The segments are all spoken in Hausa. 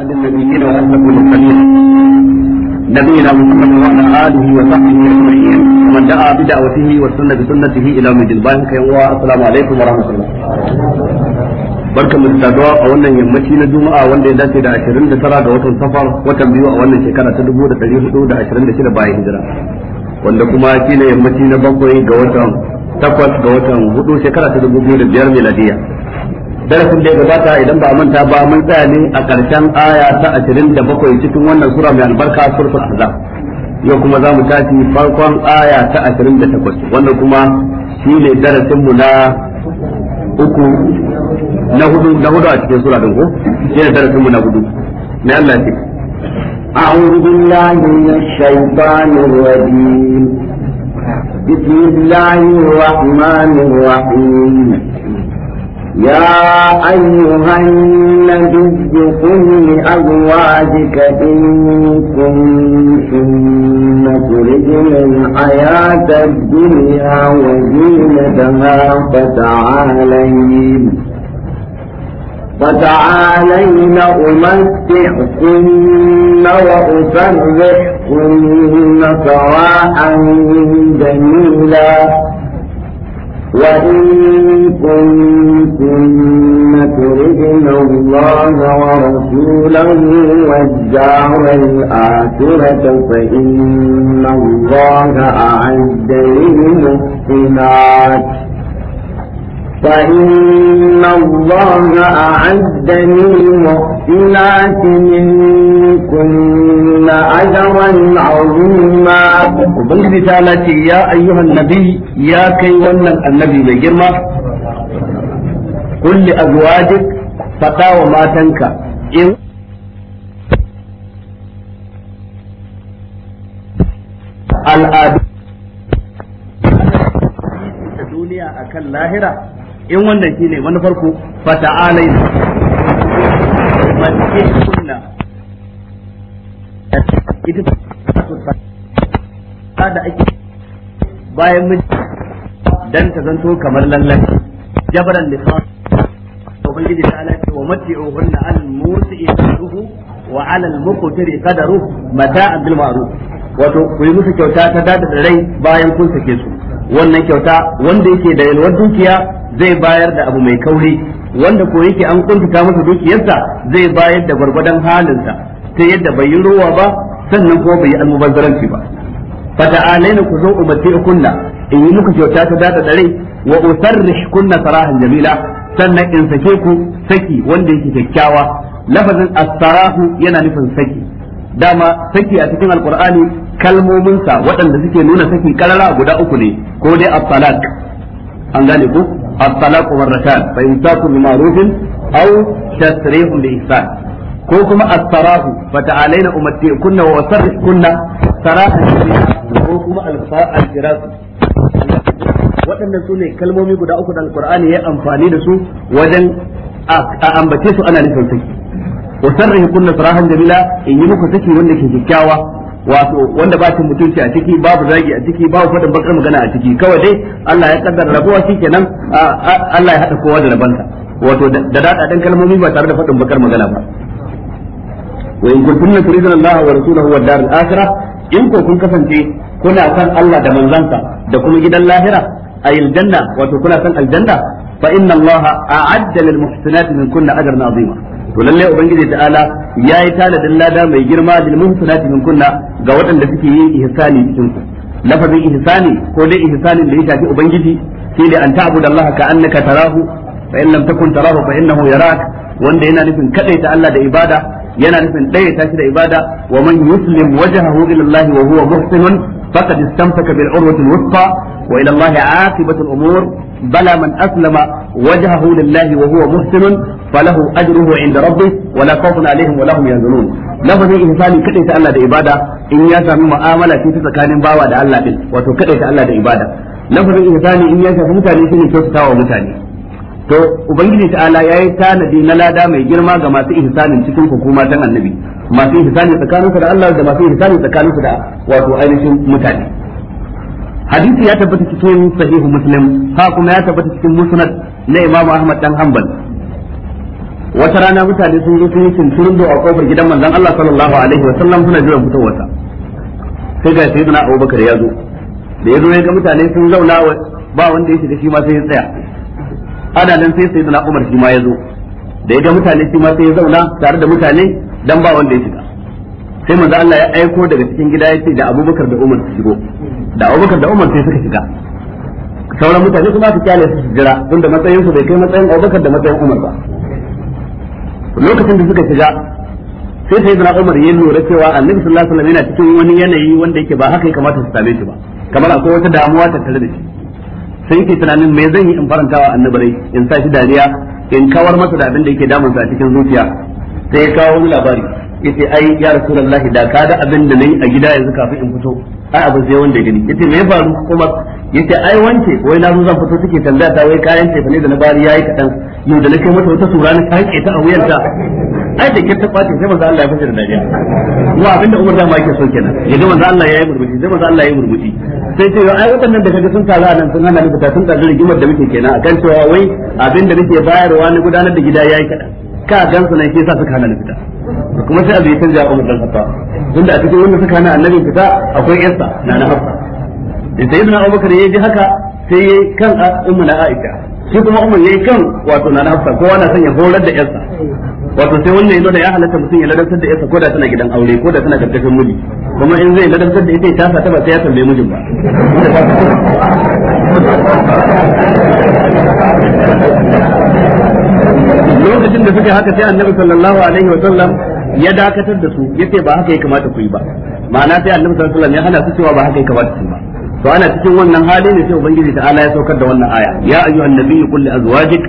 أهل النبيين المرسلين نبينا محمد وعلى آله وصحبه أجمعين ومن دعا بدعوته والسنة بسنته إلى مجد البانك السلام عليكم ورحمة الله barka mu saduwa a wannan yammaci na juma'a wanda ya dace da 29 ga watan safar watan biyu a wannan shekara ta 1426 bayan hijira wanda kuma shine yammaci na bakwai ga watan takwas ga watan hudu shekara ta 2005 miladiya darasin da ya gabata idan ba manta ba mun tsaya ne a ƙarshen aya ta 27 cikin wannan sura mai albarka suratul ahzab yau kuma za mu tashi farkon aya ta 28 wannan kuma shi ne darasin mu na uku na hudu na hudu a cikin sura din ko shi ne darasin mu na hudu mai Allah ce أعوذ بالله من الشيطان الرجيم بسم الله الرحمن الرحيم يا أيها النبي قل لأزواجك إن كنتن تردن الحياة الدنيا وزينتها فتعالين فتعالين أمتعكن وأسرحكن سراحا جميلا وإن كنتم تردن الله ورسوله والدار الآخرة فإن الله أعد للمحسنات فإن الله أعد للمحسنات منكن أجرا عظيما وبنجد تعالى يا أيها النبي يا كي ونن النبي بجرمة قل لأزواجك فتاوى ما تنكى إن الآب duniya akan lahira in wannan shine manufar ku fata'alaina mace kunna ita ta da ake bayan miji dan ta zanto kamar lallan jabaran lisan ubangiji ta ala ce wa matti'uhunna al-musi'i qadaruhu wa 'ala al-muqtiri qadaruhu mata'an bil ma'ruf wato ku yi musu kyauta ta dada da rai bayan kun sake su wannan kyauta wanda yake da yalwar dukiya zai bayar da abu mai kauri wanda ko yake an kuntuta masa dukiyarsa zai bayar da gwargwadon halinsa ta yadda bai yi ruwa ba sannan kuma bai yi almubazzaranci ba Fata fata'alaina ku zo umarci kunna in yi muku kyauta ta dada dare wa usarrih kunna sarahan jamila sannan in sake ku saki wanda yake kyakkyawa lafazin asarahu yana nufin saki dama saki a cikin alqur'ani kalmominsa waɗanda suke nuna saki karara guda uku ne ko dai as-salak an gane ku الطلاق مرتان فإمساك بمعروف أو تسريح بإحسان ko kuma as-sarahu fata'alaina umatti kunna wa ko kuma al waɗannan su ne kalmomi guda uku da alkur'ani ya amfani da su wajen a ambace su ana nufin saki wa sarrihi kunna sarahan jamila in yi muku saki wanda ke kyakkyawa wato wanda ba shi mutunci a ciki babu zagi a ciki babu fadin bakar magana a ciki kawai dai Allah ya kaddara rabuwa shikenan Allah ya hada kowa da rabansa wato da dadadan kalmomi ba tare da fadin bakar magana ba wa in kuntum turidun Allah wa rasulahu wad dar akhirah in ko kun kasance kuna san Allah da manzansa da kuma gidan lahira ayil janna wato kuna san aljanna fa inna Allah a'adda lil muhsinati min kunna ajran azima to lalle ubangiji ta'ala yayi taladin lada mai girma lil muhsinati min kunna ga waɗanda suke yin ihsani cikin ku lafazin ihsani ko dai ihsanin da ya shafi ubangiji shi ne an ta'budu Allah ka annaka tarahu fa in lam takun tarahu fa innahu yarak wanda yana nufin ta Allah da ibada yana nufin ɗaya shi da ibada wa man yuslim wajhahu ila Allah wa huwa muhsinun faqad istamsaka bil urwati al wa ila Allah aqibatu umur bala man aslama wajhahu lillahi wa huwa muhsinun falahu ajruhu 'inda rabbih wa la khawfun 'alayhim wa la yahzanun lafazin ihsani kadai ta Allah da ibada in ya sami mu'amala ce ta tsakanin bawa da Allah din wato kadai ta Allah da ibada lafazin ihsani in ya shafi mutane shine wa mutane to ubangiji ta'ala yayi tanadi na lada mai girma ga masu ihsanin cikin hukuma ta annabi masu ihsani tsakaninsu da Allah da masu ihsani tsakaninsu da wato ainihin mutane hadisi ya tabbata cikin sahihu muslim ha kuma ya tabbata cikin musnad na imam ahmad dan hanbal wata rana mutane sun zo sun yi cinturin da a kofar gidan manzon Allah sallallahu alaihi wa sallam suna jiran fitowar sa sai ga suna Abubakar ya zo da ya zo ya ga mutane sun zauna ba wanda ya shiga shi ma sai ya tsaya ana nan sai suna Umar shi ma ya zo da ya ga mutane shi ma sai ya zauna tare da mutane dan ba wanda ya shiga sai manzo Allah ya aiko daga cikin gida ya ce da Abubakar da Umar su shigo da Abubakar da Umar sai suka shiga sauran mutane kuma su kyale su jira tunda matsayin su bai kai matsayin Abubakar da matsayin Umar ba lokacin da suka shiga sai sai zana umar yin lura cewa annabi sallallahu alaihi yana cikin wani yanayi wanda yake ba haka ya kamata su same shi ba kamar akwai wata damuwa tare da shi sai yake tunanin me zan yi in wa annabi in sa shi dariya in kawar masa da abin da yake damun sa cikin zuciya sai ya kawo wani labari yace ai ya rasulullahi da ka da abin da nayi a gida yanzu kafin in fito ai abu sai wanda ya gani yace me faru kuma yace ai wance wai na zo zan fito take tambaya ta wai kayan tefa ne da na bari yayi kadan yau da na kai mata wata tura na take ta a wuyanta ai da ta kwace sai manzo Allah ya fashe da dariya wa abinda Umar da ma yake so kenan ya ga manzo Allah yayi murmushi sai manzo Allah yayi murmushi sai ce ai wadannan da kaga sun kaza nan sun hana ni fita sun kaza rigimar da muke kenan akan cewa wai abinda nake bayarwa na gudanar da gida yayi kada ka gansu ne ke sa suka hana ni fita kuma sai abu ya canja Umar dan fata tunda a cikin wanda suka hana annabi fita akwai yarsa na na Hafsa da sayyidina Abubakar yayi haka sai kan ummu na Aisha shi kuma umar yayi kan wato na nafsa kowa na sanya horar da yarsa wato sai wannan yazo da ya halatta mutum ya ladantar da yarsa ko da tana gidan aure ko da tana karkashin miji kuma in zai ladantar da ita ya tasa ta ba sai ya tambaye mijin ba lokacin da suke haka sai annabi sallallahu alaihi wa sallam ya dakatar da su yace ba haka ya kamata ku yi ba ma'ana sai annabi sallallahu alaihi wa sallam ya hana su cewa ba haka ya kamata ku yi ba to ana cikin wannan hali ne sai ubangiji ta ala ya saukar da wannan aya ya ayyuhan nabiyyu kulle li azwajik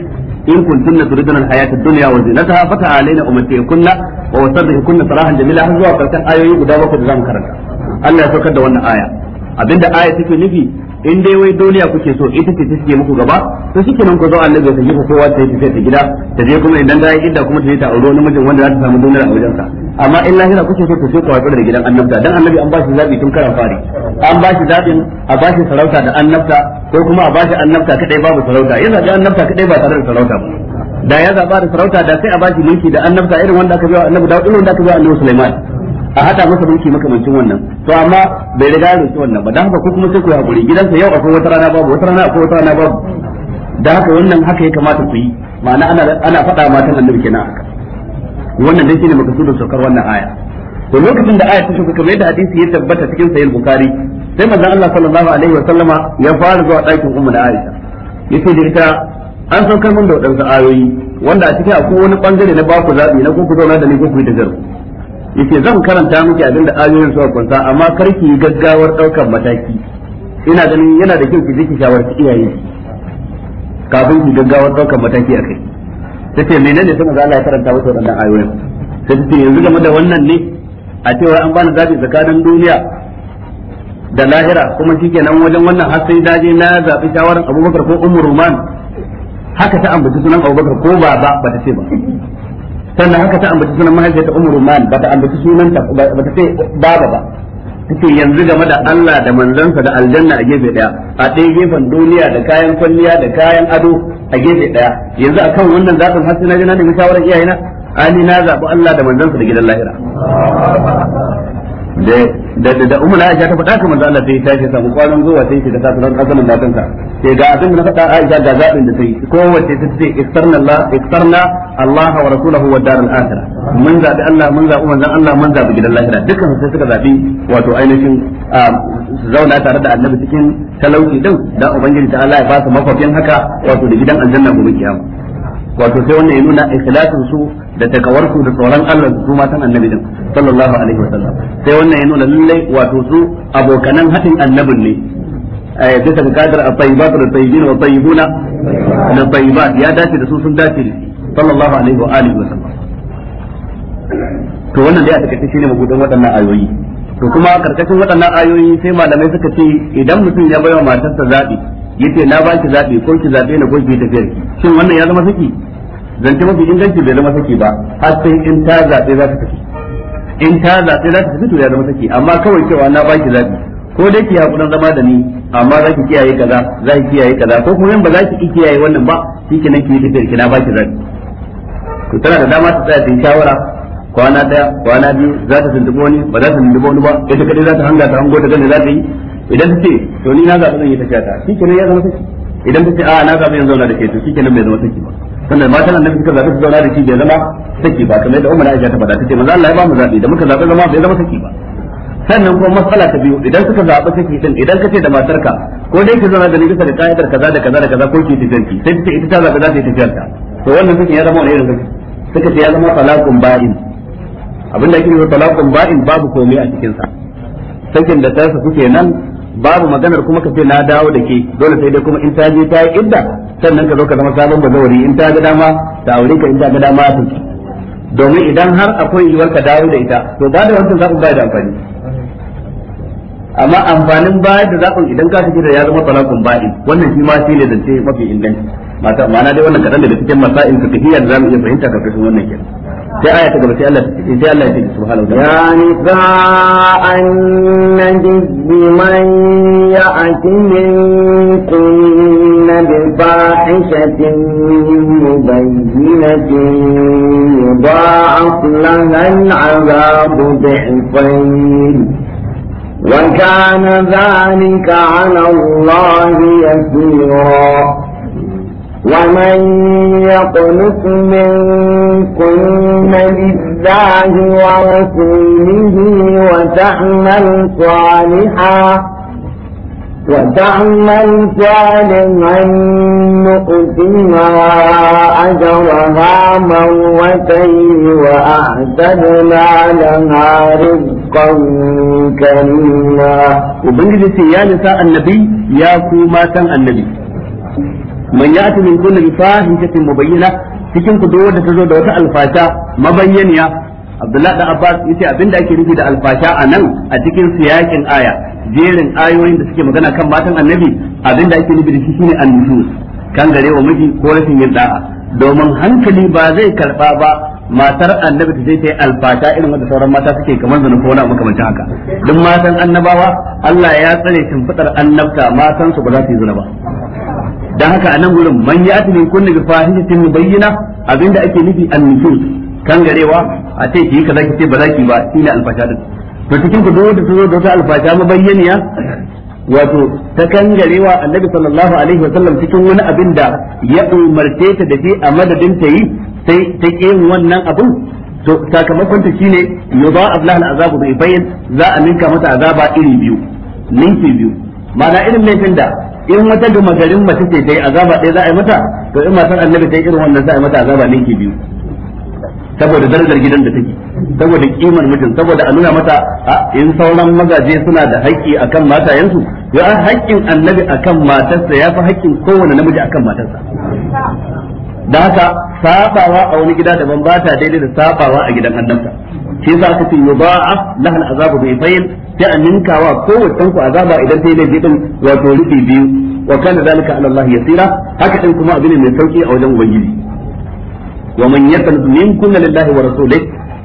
in kuntunna a al-hayata ad-dunya wa zinataha fata'alaina ummatikunna wa wasarrihukunna sarahan jamila har zuwa karshen ayoyi guda bakwai da zamu karanta Allah ya saukar da wannan aya abinda aya take nufi in dai wai duniya kuke so ita ce take muku gaba to shike nan ku zo annabi ya sake kowa ta yi ta gida ta je kuma idan ta yi idda kuma ta je ta aure wani mijin wanda za ta samu duniya a wajensa amma in lahira kuke so ku sai ku haɗu da gidan annabta dan annabi an ba shi zabi tun karan fari an ba shi zabin a ba shi sarauta da annabta ko kuma a ba shi annabta kadai babu sarauta yana zabi annabta kadai ba tare da sarauta ba da ya zaba da sarauta da sai a ba shi mulki da annabta irin wanda aka biya annabi Dawud irin wanda aka biya annabi Sulaiman a hada masa banki makamancin wannan to amma bai riga ya roki wannan ba dan haka ko kuma sai ku yi hakuri gidansa yau akwai wata rana babu wata rana akwai wata rana babu dan haka wannan haka ya kamata ku yi ma'ana ana ana faɗa matan annabi kenan haka wannan dai shine makasudin saukar wannan aya to lokacin da aya ta sauka kamar yadda hadisi ya tabbata cikin sahih bukhari sai manzon Allah sallallahu alaihi wa sallama ya fara zuwa dakin ummu da Aisha yace da ita an saukar mun da wadansu ayoyi wanda a cikin akwai wani bangare na baku zabi na ku ku zauna da ni ku yi da yace zan karanta miki abin da ayoyin suka kunsa amma kar ki gaggawar daukar mataki ina ganin yana da kyau ki ji ki shawarci iyaye kafin ki gaggawar daukar mataki akai tace menene sai maza Allah ya karanta wato wannan ayoyin sai tace yanzu game da wannan ne a cewa an bani zabi tsakanin duniya da lahira kuma shikenan wajen wannan har sai daje na zabi shawaran Abubakar ko Ummu Ruman haka ta ambaci sunan Abubakar ko baba ba ta ce ba sannan haka ta ambaci sunan mahaifiyar ta umru man ba ta ambaci sunan ta ba ta ce baba ba take yanzu game da Allah da manzansa da aljanna a gefe daya a ɗaya gefen duniya da kayan kwalliya da kayan ado a gefe daya yanzu akan wannan zaɓin hasu na jina na nemi shawarar iyayena ani na zaɓi Allah da manzansa da gidan lahira da da da umma Aisha ta faɗa kamar Allah sai ta ce samu kwanan zuwa sai ta sa ran azanin da ta sai ga abin da na faɗa Aisha ga zabin da sai wace ta ce istarna Allah istarna Allah wa rasulahu wa darul akhirah mun zabi Allah mun zabi manzon Allah mun zabi gidan lahira dukkan sai suka zabi wato ainihin ah, zauna tare da annabi cikin talauci din da ubangiji ta Allah ya ba su mafafin haka wato da gidan aljanna gobe kiyama wato sai wannan ya nuna ikhlasin su da takawarku da tsoron Allah su matan annabi din sallallahu alaihi wasallam sai wannan ya nuna lalle wato su abokanan hadin annabin ne a eh, bisa ga kadar a tayyibat da tayyibin wa tayyibuna da tayyibat ya dace da su sun dace ne sallallahu alaihi wa alihi wasallam to wannan dai a takaice shine mabudan waɗannan ayoyi to kuma karkashin waɗannan ayoyi sai malamai suka ce idan mutum ya baiwa matarsa zabi yace na baki zabi ko ki zabe na ko ki tafiyar shin wannan ya zama saki zance mafi inganci bai zama saki ba har sai in ta zaɓe za ta tafi in ta zaɓe za ta tafi to ya zama saki amma kawai cewa na baki zaɓi ko dai ki hakurin zama da ni amma za ki kiyaye kaza za ki kiyaye kaza ko kuma ba za ki kiyaye wannan ba nan ki yi tafiyar ki na baki zaɓi to tana da dama ta tsaya ta yi shawara kwana ɗaya kwana biyu za ta tuntuɓi wani ba za ta tuntuɓi wani ba ita kaɗai za ta hanga ta hango ta gane za ta yi idan ta ce to ni na zaɓi zan yi tafiya ta nan ya zama saki idan ta ce a na zaɓi yanzu zauna da ke to nan bai zama saki ba tunda matan annabi suka zabi su zauna da shi bai zama saki ba kamar yadda umma Aisha ta faɗa tace manzo Allah ya ba mu zabi da muka zabi zama bai zama saki ba sannan kuma matsala ta biyu idan suka zabi saki din idan kace da matarka ko dai ki zauna da ni bisa da kaidar kaza da kaza da kaza ko ki tafi sai ta ita ta zabi za ta yi tafiyarta to wannan mutum ya zama wani irin saki suka ce ya zama talaqun ba'in abinda ake nufi talaqun ba'in babu komai a cikin sa sakin da ta kuke nan babu maganar kuma kace na dawo da ke dole sai dai kuma in ta je ta yi idda sannan ka zo ka zama sabon bazawari in ta ga dama ta aure ka in ta ga dama ta domin idan har akwai yiwuwar ka dawo da ita to ba da wancan zaɓin bayar da amfani amma amfanin bayar da zaɓin idan ka tafi da ya zama talakun ba'i wannan shi ma shi ne zance mafi inganci mata ma'ana dai wannan kaɗan daga cikin masa'in ka tafiya da zamu iya fahimta ka kasu wannan kenan sai aya ta gaba sai Allah sai Allah ya ce subhanahu wa ta'ala ya nisa annabi man ya'ti minkum بفاحشة مبينة يضاعف لها العذاب ضعفين وكان ذلك على الله يسيرا ومن يقنط منكن لله ورسوله وتعمل صالحا وتعمل صالحا نؤتها أجرها مرتين وأعتدنا لها رزقا كريما وبنجد يا نساء النبي يا كوما كان النبي من يأتي من كل بفاحشة مبينة cikin ku duk wanda ta zo Abdullahi da Abbas yace abinda ake nufi da alfasha a nan a cikin siyakin aya jerin ayoyin da suke magana kan matan annabi abinda ake nufi da shi shine annus kan gare wa miji ko rashin yin da'a domin hankali ba zai karba ba matar annabi ta ta yi alfasha irin wanda sauran mata suke kamar zanu ko wani makamanci haka duk matan annabawa Allah ya tsare shimfiɗar annabta matan su ba za su yi zina ba dan haka a nan gurin man ya min kunni bi fahishatin bayyana abinda ake nufi an kangarewa a ce ki kaza ki ce ba za ki ba shine alfasha din to cikin ku dole ta zo da wata alfasha mabayyaniya wato ta kangarewa annabi sallallahu alaihi wasallam cikin wani abin da ya umarce ta da shi a madadin ta yi sai ta yin wannan abin to sakamakon ta shine Allah na azabu bi bayn za a ninka mata azaba iri biyu ninki biyu ma'ana irin laifin da in wata gama garin mace ce ta yi azaba ɗaya za a yi mata to in matar annabi ta yi irin wannan za a yi mata azaba ninki biyu saboda darajar gidan da take saboda kimar mijin saboda a nuna mata in sauran mazaje suna da haƙƙi akan matayensu ya haƙƙin annabi akan matarsa ya fi haƙƙin kowane namiji akan matarsa da haka sabawa a wani gida daban ba ta daidai da sabawa a gidan annabta shi yasa aka ce yudha'af lahu al'azabu bi fayn sai a ninkawa kowace ku azaba idan ta yi laifi din wato rufi biyu wa da zalika ala Allah yasira haka ɗin kuma abin mai sauki a wajen ubangiji wa man yaqnut minkum lillahi wa rasulih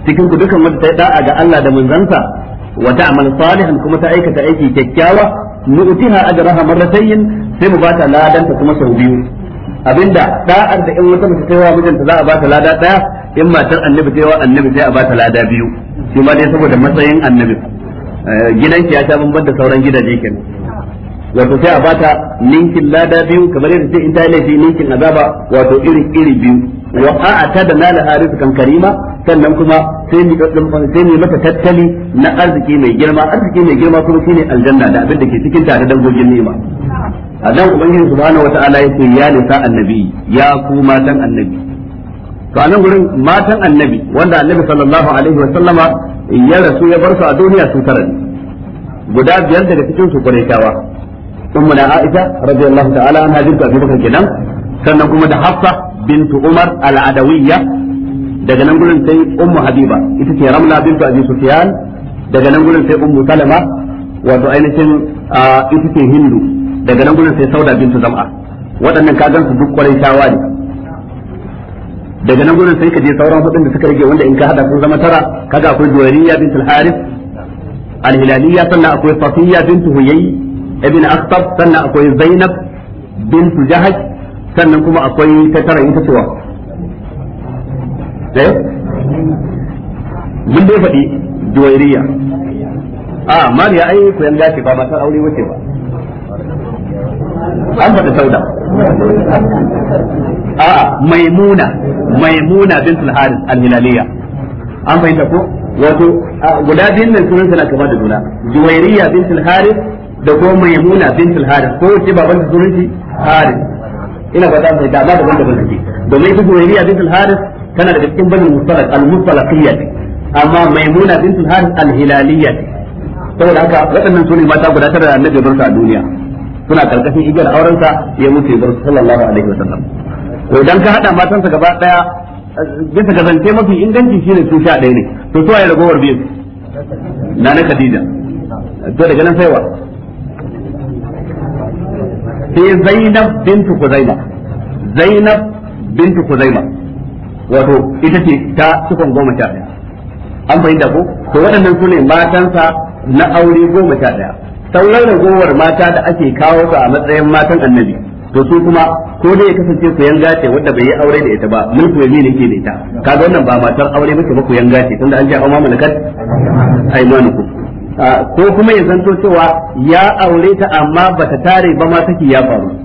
cikin ku dukan wanda ta yi da'a ga Allah da manzansa wa ta'mal salihan kuma ta aikata aiki kyakkyawa nu'tiha ajraha marratayn sai mu bata ladan ta kuma sau biyu abinda da'ar da in wata mace ta yawa mijinta za a bata lada daya in matar annabi ta yawa annabi sai a bata lada biyu shi ma dai saboda matsayin annabi eh, gidan ya ta bamban da sauran gidaje kenan wato sai a bata ninkin lada biyu kamar yadda sai in ta laifi ninkin azaba wato iri iri biyu wa a'tadna laha kan karima sannan kuma sai mu sai mu mata tattali na arziki mai girma arziki mai girma kuma shine aljanna da abin da ke cikin ta da dangogin ni'ima a dan ubangiji subhanahu wata'ala yake ya nisa annabi ya ku matan annabi to anan gurin matan annabi wanda annabi sallallahu alaihi wa sallama ya rasu ya bar su a duniya su tara ne guda biyar daga cikin su kuraitawa ummuna aisha radiyallahu ta'ala anha bintu abi bakr kenan sannan kuma da hafsa bintu Umar al-Adawiyya daga nan gurin sai Ummu Habiba ita ce Ramla bintu Abi Sufyan daga nan gurin sai Ummu Salama wato ainihin ita ce Hindu daga nan gurin sai Sauda bintu Zam'a waɗannan ka gansu duk kwarai shawa ne daga nan gurin sai ka je sauran hudun da suka rage wanda in ka hada sun zama tara kaga akwai Duwariya bintul Harith al sannan akwai Safiya bintu Huyay ibn Akhtab sannan akwai Zainab bintu Jahash sannan kuma akwai ta tara ita cewa eh mun dai faɗi duwairiya a ah, mariya ai ku yan gashi ba matar aure wace ba an faɗi sauda a ah, maimuna maimuna bin al-haris al-hilaliya an fahimta ko wato ah, guda biyun nan sunan suna kama da juna juwairiya bin al-haris da kuma maimuna bin al-haris ko ce baban sunan shi haris ina fata mai dama daban-daban kake domin ita juwairiya bintul haris kana da cikin bani musalak al-musalakiyya amma maimuna bintul haris al-hilaliyya ce saboda haka waɗannan su mata guda tara da annabi barka a duniya suna karkashin igiyar sa ya mutu ya bar sallallahu alaihi wasallam to idan ka hada sa gaba daya bisa ga zance mafi inganci shine su sha ɗaya ne to su ya ragowar biyu na na Khadija to daga nan saiwa sai Zainab bintu Kuzaima Zainab bintu Kuzaima wato ita ce ta sukan goma sha ɗaya an fahimta ko to waɗannan su ne matansa na aure goma sha ɗaya sauran ragowar mata da ake kawo su a matsayin matan annabi to su kuma ko dai ya kasance ku yanga ce wanda bai yi aure da ita ba mulku yami ne ke da ita kaga wannan ba matar aure muke ba ku yanga ce tunda an ji amma malakat aymanukum Ah, ko kuma ya zanto cewa ya aure ta amma bata tare ba ma take ya faru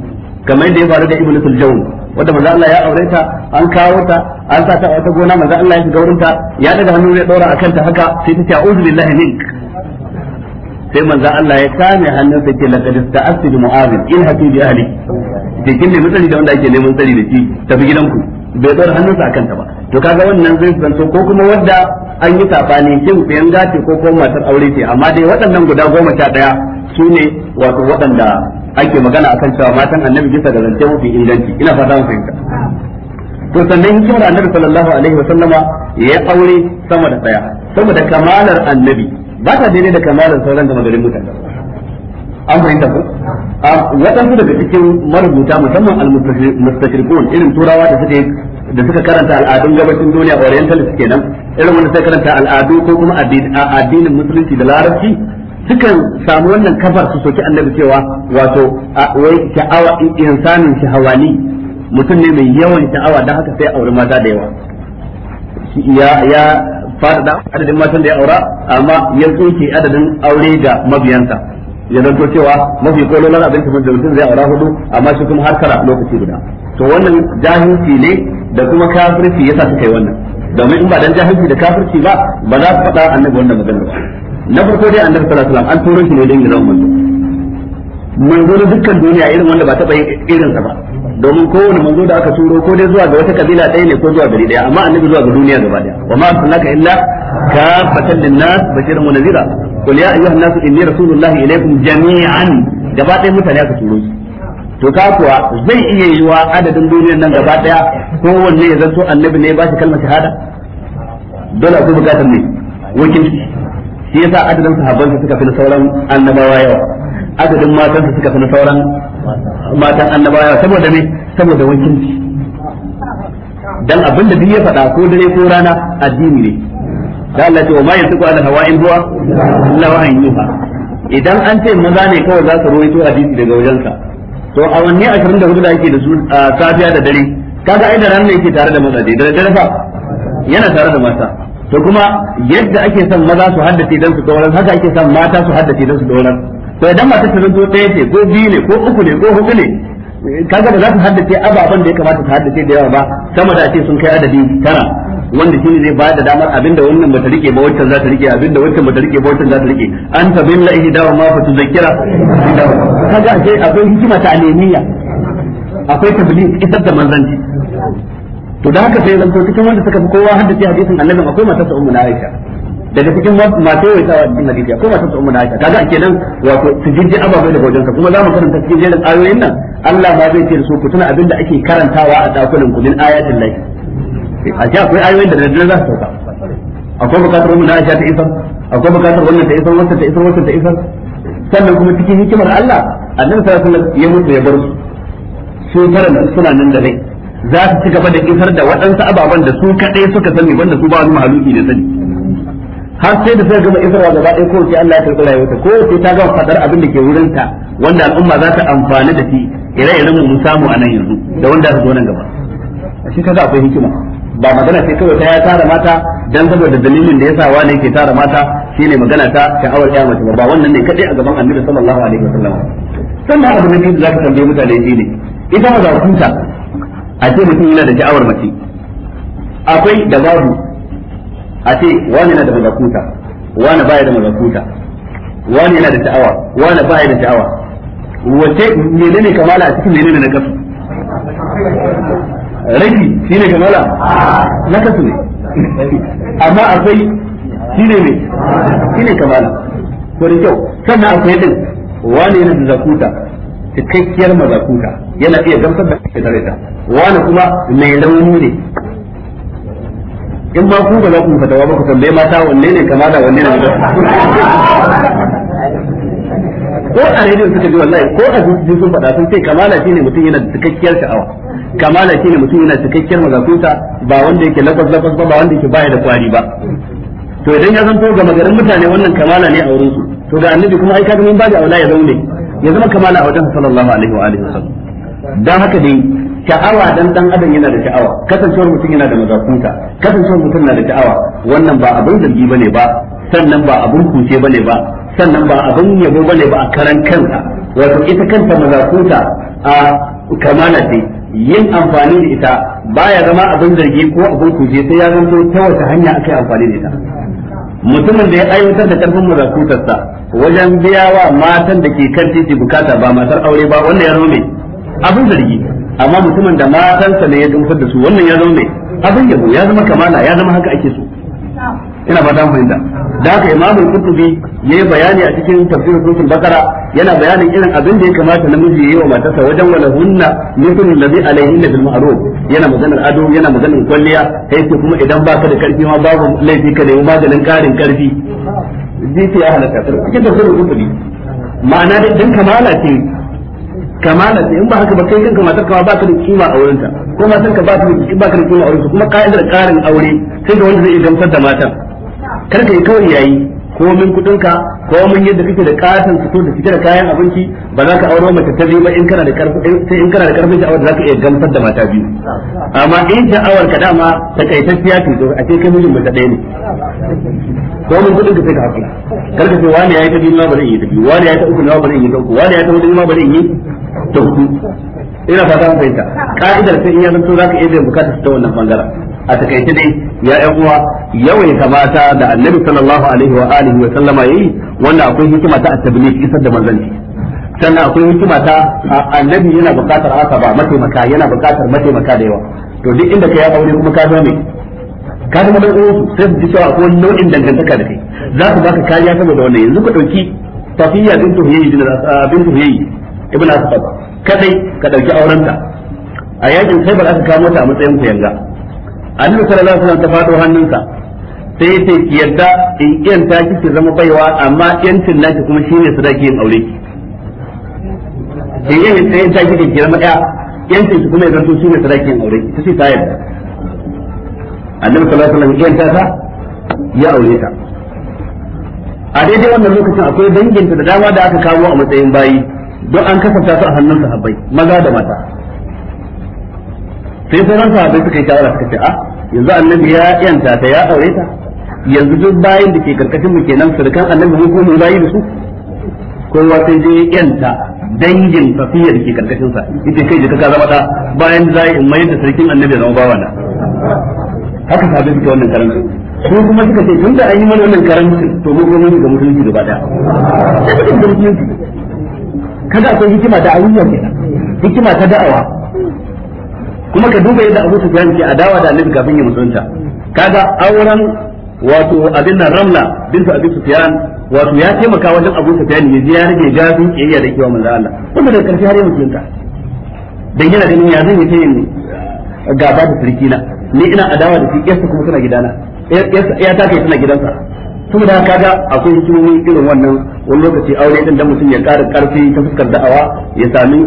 kamar yadda ya faru da ibnu suljawn wanda manzo Allah ya aure ta an kawo ta an sa ta a wata gona manzo Allah ya shiga wurin ta ya daga hannu ya daura akan ta haka sai ta ce a'udhu billahi min sai manzo Allah ya kame hannun sa ke laqad ista'asti bi mu'azin in hati bi ahli ke kin nemi tsari da wanda ake neman tsari da shi tafi gidanku bai daura hannun sa akan ta ba to kaga wannan zai zanto ko kuma wanda an yi tafani jin kuyan gace ko kuma matar aure ce amma dai waɗannan guda goma sha ɗaya su ne wato waɗanda ake magana a kan cewa matan annabi bisa ga zance mafi inganci ina fata mu fahimta to sannan da annabi sallallahu alaihi wa sallama ya aure sama da ɗaya sama da kamalar annabi ba ta daidai da kamalar sauran da magarin mutane an fahimta ko ah. ah, waɗansu daga cikin marubuta musamman al irin turawa da suke da suka karanta al'adun gabashin duniya orientalist kenan irin wanda suka karanta al'adu ko kuma addinin musulunci da larabci sukan samu wannan kafar su soki annabi cewa wato wai sha'awa insanin shahawani mutum ne mai yawan sha'awa dan haka sai aure mata da yawa ya ya fada adadin matan da ya aura amma ya tsoke adadin aure ga mabiyansa ya zanto cewa mafi na abin tafi da mutum zai aura hudu amma shi kuma har kara lokaci guda to wannan jahilci ne da kuma kafirci sa suka yi wannan domin in ba dan jahilci da kafirci ba ba za su faɗa annabi wannan maganar ba na farko dai annabi sallallahu alaihi wasallam an turo shi ne don ya zama manzo manzo dukkan duniya irin wanda ba taɓa yin irinsa ba domin kowane manzo da aka turo ko dai zuwa ga wata kabila ɗaya ne ko zuwa gari ɗaya amma annabi zuwa ga duniya gaba ɗaya wa ma arsalnaka illa kafatan linnas bashiran wa nadhira qul ya ayyuhan nas inni rasulullahi ilaykum jami'an gaba ɗaya mutane aka turo su to ka kuwa zai iya yiwa adadin duniyar nan gaba ɗaya kowanne ya zanto annabi ne ba shi kalmar shahada dole akwai bukatar ne wakilci shi yasa adadin sahabban suka fi sauran annabawa yawa adadin matan su suka fi na sauran matan annabawa saboda me saboda shi dan abin da ya faɗa ko dare ko rana addini ne da Allah ce wa ma yantiku ala hawa'in huwa illa wahyun yuha idan an ce maza ne kawai za su rawaito hadisi daga wajen ka to a wanne 24 da ake da su a safiya da dare kaga ai da ran ne yake tare da mazaje da dare fa yana tare da mata to kuma yadda ake son maza su haddace dan su dauran haka ake son mata su haddace dan su dauran to idan mata ta zo ɗaya ce ko biyu ne ko uku ne ko hudu ne kaga ba za ta haddace ababen da ya kamata ta haddace da yawa ba sama da ce sun kai adadi tara wanda shine zai bayar da damar abinda wannan bata rike ba wancan za ta rike abinda wancan bata rike ba wancan za ta rike an tabilla ihdawa ma fa zakira kaga sai akwai hikima ta alemiya akwai tabliq isar da manzanci to da haka sai to cikin wanda suka fi kowa haddace hadisin annabi akwai matarsa ummu Aisha daga cikin masu yawai sawa cikin hadisi akwai masu ummu na aisha kaga a kenan wato su jinji ababai daga wajensa kuma za mu karanta cikin jerin ayoyin nan Allah ma zai ce da su ku tuna abinda ake karantawa a dakunan ku min ayatin lahi a ce akwai ayoyin da daddare za su sauka akwai bukatar ummu na aisha ta isar akwai bukatar wannan ta isar wannan ta isar wannan ta isar sannan kuma cikin hikimar Allah annabi sallallahu alaihi wasallam ya mutu ya bar su su tara suna nan da rai za su ci gaba da isar da waɗansu ababen da su kaɗai suka sani wanda su ba wani mahaluki da sani har sai da suka gama isarwa gaba ɗaya kowace Allah ya karɓi rayuwarta kowace ta gama fadar abin da ke wurin ta wanda al'umma za ta amfani da shi ire-iren mu samu a nan yanzu da wanda ta zo nan gaba shi kaga akwai hikima ba magana sai kawai ta ya tara mata dan saboda dalilin da yasa wani yake tara mata shine magana ta sha'awar ya mata ba wannan ne kadai a gaban Annabi sallallahu alaihi wasallam sannan abu na biyu da zaka tambaye mutane ne ita ma za kunta a ce mutum yana da sha'awar mace akwai da babu a ce wani na da malakuta wani baya da malakuta wani yana da sha'awa wani baya da sha'awa wace menene kamala a cikin menene na kasu shi shine kamala na kasu ne amma akwai shine ne shine kamala ko da kyau sannan akwai din wani yana da zakuta cikakkiyar mazakuta yana iya gamsar da kake tare ta wani kuma mai launi ne in ma ku ba za ku fatawa ba ku tambaye mata wanne ne kama da wanne ne ko a rediyo suka ji wallahi ko a zuciya sun faɗa sun ce kamala shine mutum yana da cikakkiyar sha'awa kamala shine mutum yana da cikakkiyar mazakunta ba wanda yake lafas lafas ba ba wanda yake baya da kwari ba to idan ya zanto ga magarin mutane wannan kamala ne a wurin su to ga annabi kuma ai kaga mun ba da aula ya zaune ya zama kamala a wajen sallallahu alaihi wa alihi wasallam dan haka dai sha'awa dan dan adam yana da sha'awa kasancewar mutum yana da mazakunta kasancewar mutum na da sha'awa wannan ba abin zargi bane ba sannan ba abin kuce bane ba sannan ba abin yabo bane ba a karan kansa wato ita kanta mazakunta a kamala ce yin amfani da ita baya zama abin zargi ko abin kuce sai ya zanto ta wata hanya aka amfani da ita mutumin da ya aiwatar da karfin mazakutarsa wajen biya wa matan da ke kan titi bukata ba matar aure ba wannan ya zo ne abin zargi amma mutumin da matansa ne ya gamsar da su wannan ya zama mai abin yabo ya zama kamala ya zama haka ake so ina fata mu inda da haka imamul qurtubi yayi bayani a cikin tafsir suratul bakara yana bayanin irin abin da ya kamata namiji yayi wa matarsa wajen wala hunna mithlu allazi alayhinna bil ma'ruf yana maganar ado yana maganar kwalliya kai ce kuma idan baka da karfi ma babu laifi ka nemi maganin karin karfi zai ce ya halaka cikin tafsir qurtubi ma'ana dan kamala ce kamala in ba haka ba kai kanka matar ka ba ta da kima a wurinta ko matar ka ba ta da ba ka da kima a wurinta kuma ka'idar karin aure sai ga wanda zai gamsar da matar kar ka yi kawai yayi ko min kudin ka ko min yadda kake da katon fito da cike da kayan abinci ba za ka aure mace ta biyu ba in kana da karfin sai in kana da karfin sha'awar za ka iya gamsar da mata biyu amma in sha'awar ka dama takaitacciya ce to a ce kai mijin mace ɗaya ne ko min kudin ka sai ka hakura kar ka ce wani yayi ta biyu ma ba zan yi ta biyu wani yayi ta uku ma ba zan yi ta uku wani yayi ta hudu ma ba zan yi ta hudu ina fata an fahimta ka'idar sai in ya zanto za ka iya bukatar ta wannan bangaren a takaice dai ya ƴan uwa yawaita mata da annabi sallallahu alaihi wa alihi wa sallama yayi wanda akwai hikima ta at isar da manzanci sannan akwai hikima ta annabi yana buƙatar haka ba mate maka yana buƙatar mate maka da yawa to duk inda ka ya aure kuma ka zama ka zama dan uwansu sai su ji cewa akwai nau'in dangantaka da kai za su baka kariya saboda wannan yanzu ka dauki safiya bintu huyayi bintu huyayi ibn asfar kadai ka dauki aurenta a yakin sai ba za ka kawo ta a matsayin ku yanga annabi sallallahu alaihi wasallam ta fado hannunsa sai yace ki yadda in yan ta ki zama baiwa amma iyancin naki kuma shine sadaki yin aure ki in yin sai ta ki ki zama ɗaya iyancin ki kuma ya zanto shine sadaki yin aure ki sai ta yadda annabi sallallahu alaihi wasallam yan ta ya aure ta a daidai wannan lokacin akwai danginta da dama da aka kawo a matsayin bayi don an kasanta su a hannun sahabbai maza da mata sai sauran sahabbai suka yi shawara suka ce a ah, yanzu annabi ya yanta ta ya aure ta yanzu duk bayin da ke karkashin mu kenan surkan annabi mun kuma bayi da su kowa sai je yanta dangin da ke karkashin sa yace kai ka zama ta bayan da zai mai da sarkin annabi zama bawa na haka sahabbai suke wannan karanta ko kuma suka ce tun da an yi mana wannan karanta to mu kuma ga musulunci gaba da musulunci Kada akwai hikima da ayyuka kenan hikima ta da'awa kuma ka duba yadda Abu Sufyan ke adawa da Annabi kafin ya musulunta kaga auren wato abin nan Ramla bint Abi Sufyan wato ya taimaka wajen Abu Sufyan ya ji ya rage gafin kiyayya da kiwa manzo Allah kuma daga karshe har ya musulunta dan yana ganin ya zan yi ta yin gaba da na. ni ina adawa da shi yasa kuma tana gidana yasa ya ta kai tana gidansa saboda kaga akwai hikimomi irin wannan wani lokaci aure din da mutum ya ƙara karfi ta fuskar da'awa ya sami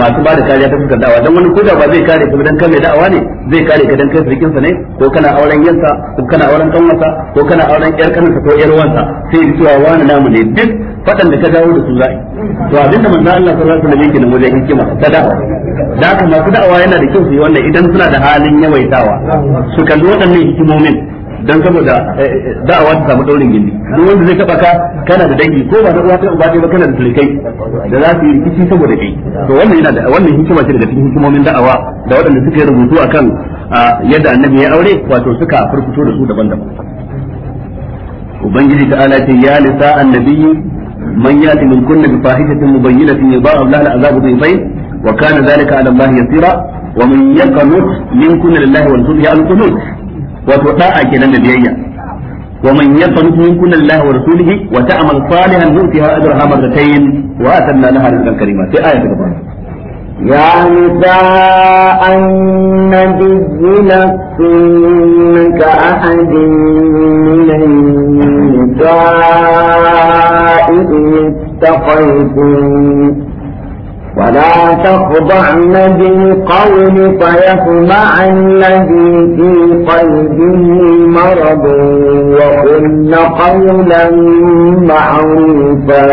masu ba da kariya ta fuskar da'awa dan wani koda ba zai kare ka dan kame da'awa ne zai kare ka dan kai sirkin sa ne ko kana auren yansa ko kana auren kanwansa ko kana auren yar kanansa ko yar wansa sai ya cewa wani namu ne duk fadan da ka dawo da su za'i to abinda manzo Allah sallallahu alaihi wasallam yake nan wajen hikima ta da'awa da haka masu da'awa yana da kyau su yi wannan idan suna da halin yawaitawa su kalli waɗannan hikimomin dan saboda eh, eh, eh, da'awa ta samu daurin gindi duk wanda zai taba ka kana da dangi ko ba da uwa ta uba ba kana da sulkai da za su yi rikici saboda kai to wannan yana da wannan hikima ce daga cikin hikimomin da'awa da waɗanda suka yi rubutu akan yadda annabi ya aure wato suka furkuto da su daban-daban ubangiji ta ala ce ya nisa annabi man yati min kunna bi fahishatin mubayyinatin yudha'af laha al'azabu dhayfayn wa kana dhalika 'ala Allah yasira ومن يقنط منكن لله ورسوله القنوت wato da'a kenan da biyayya ومن يقنط منكن الله ورسوله وتعمل صالحا نؤتها اجرها مرتين واتمنا لها رزقا كريما في ايه كمان يا نساء النبي لستن كأحد من النساء إن اتقيتن ولا تخضعن بالقول فيطمع الذي في قلبه مرض وقلن قولا معروفا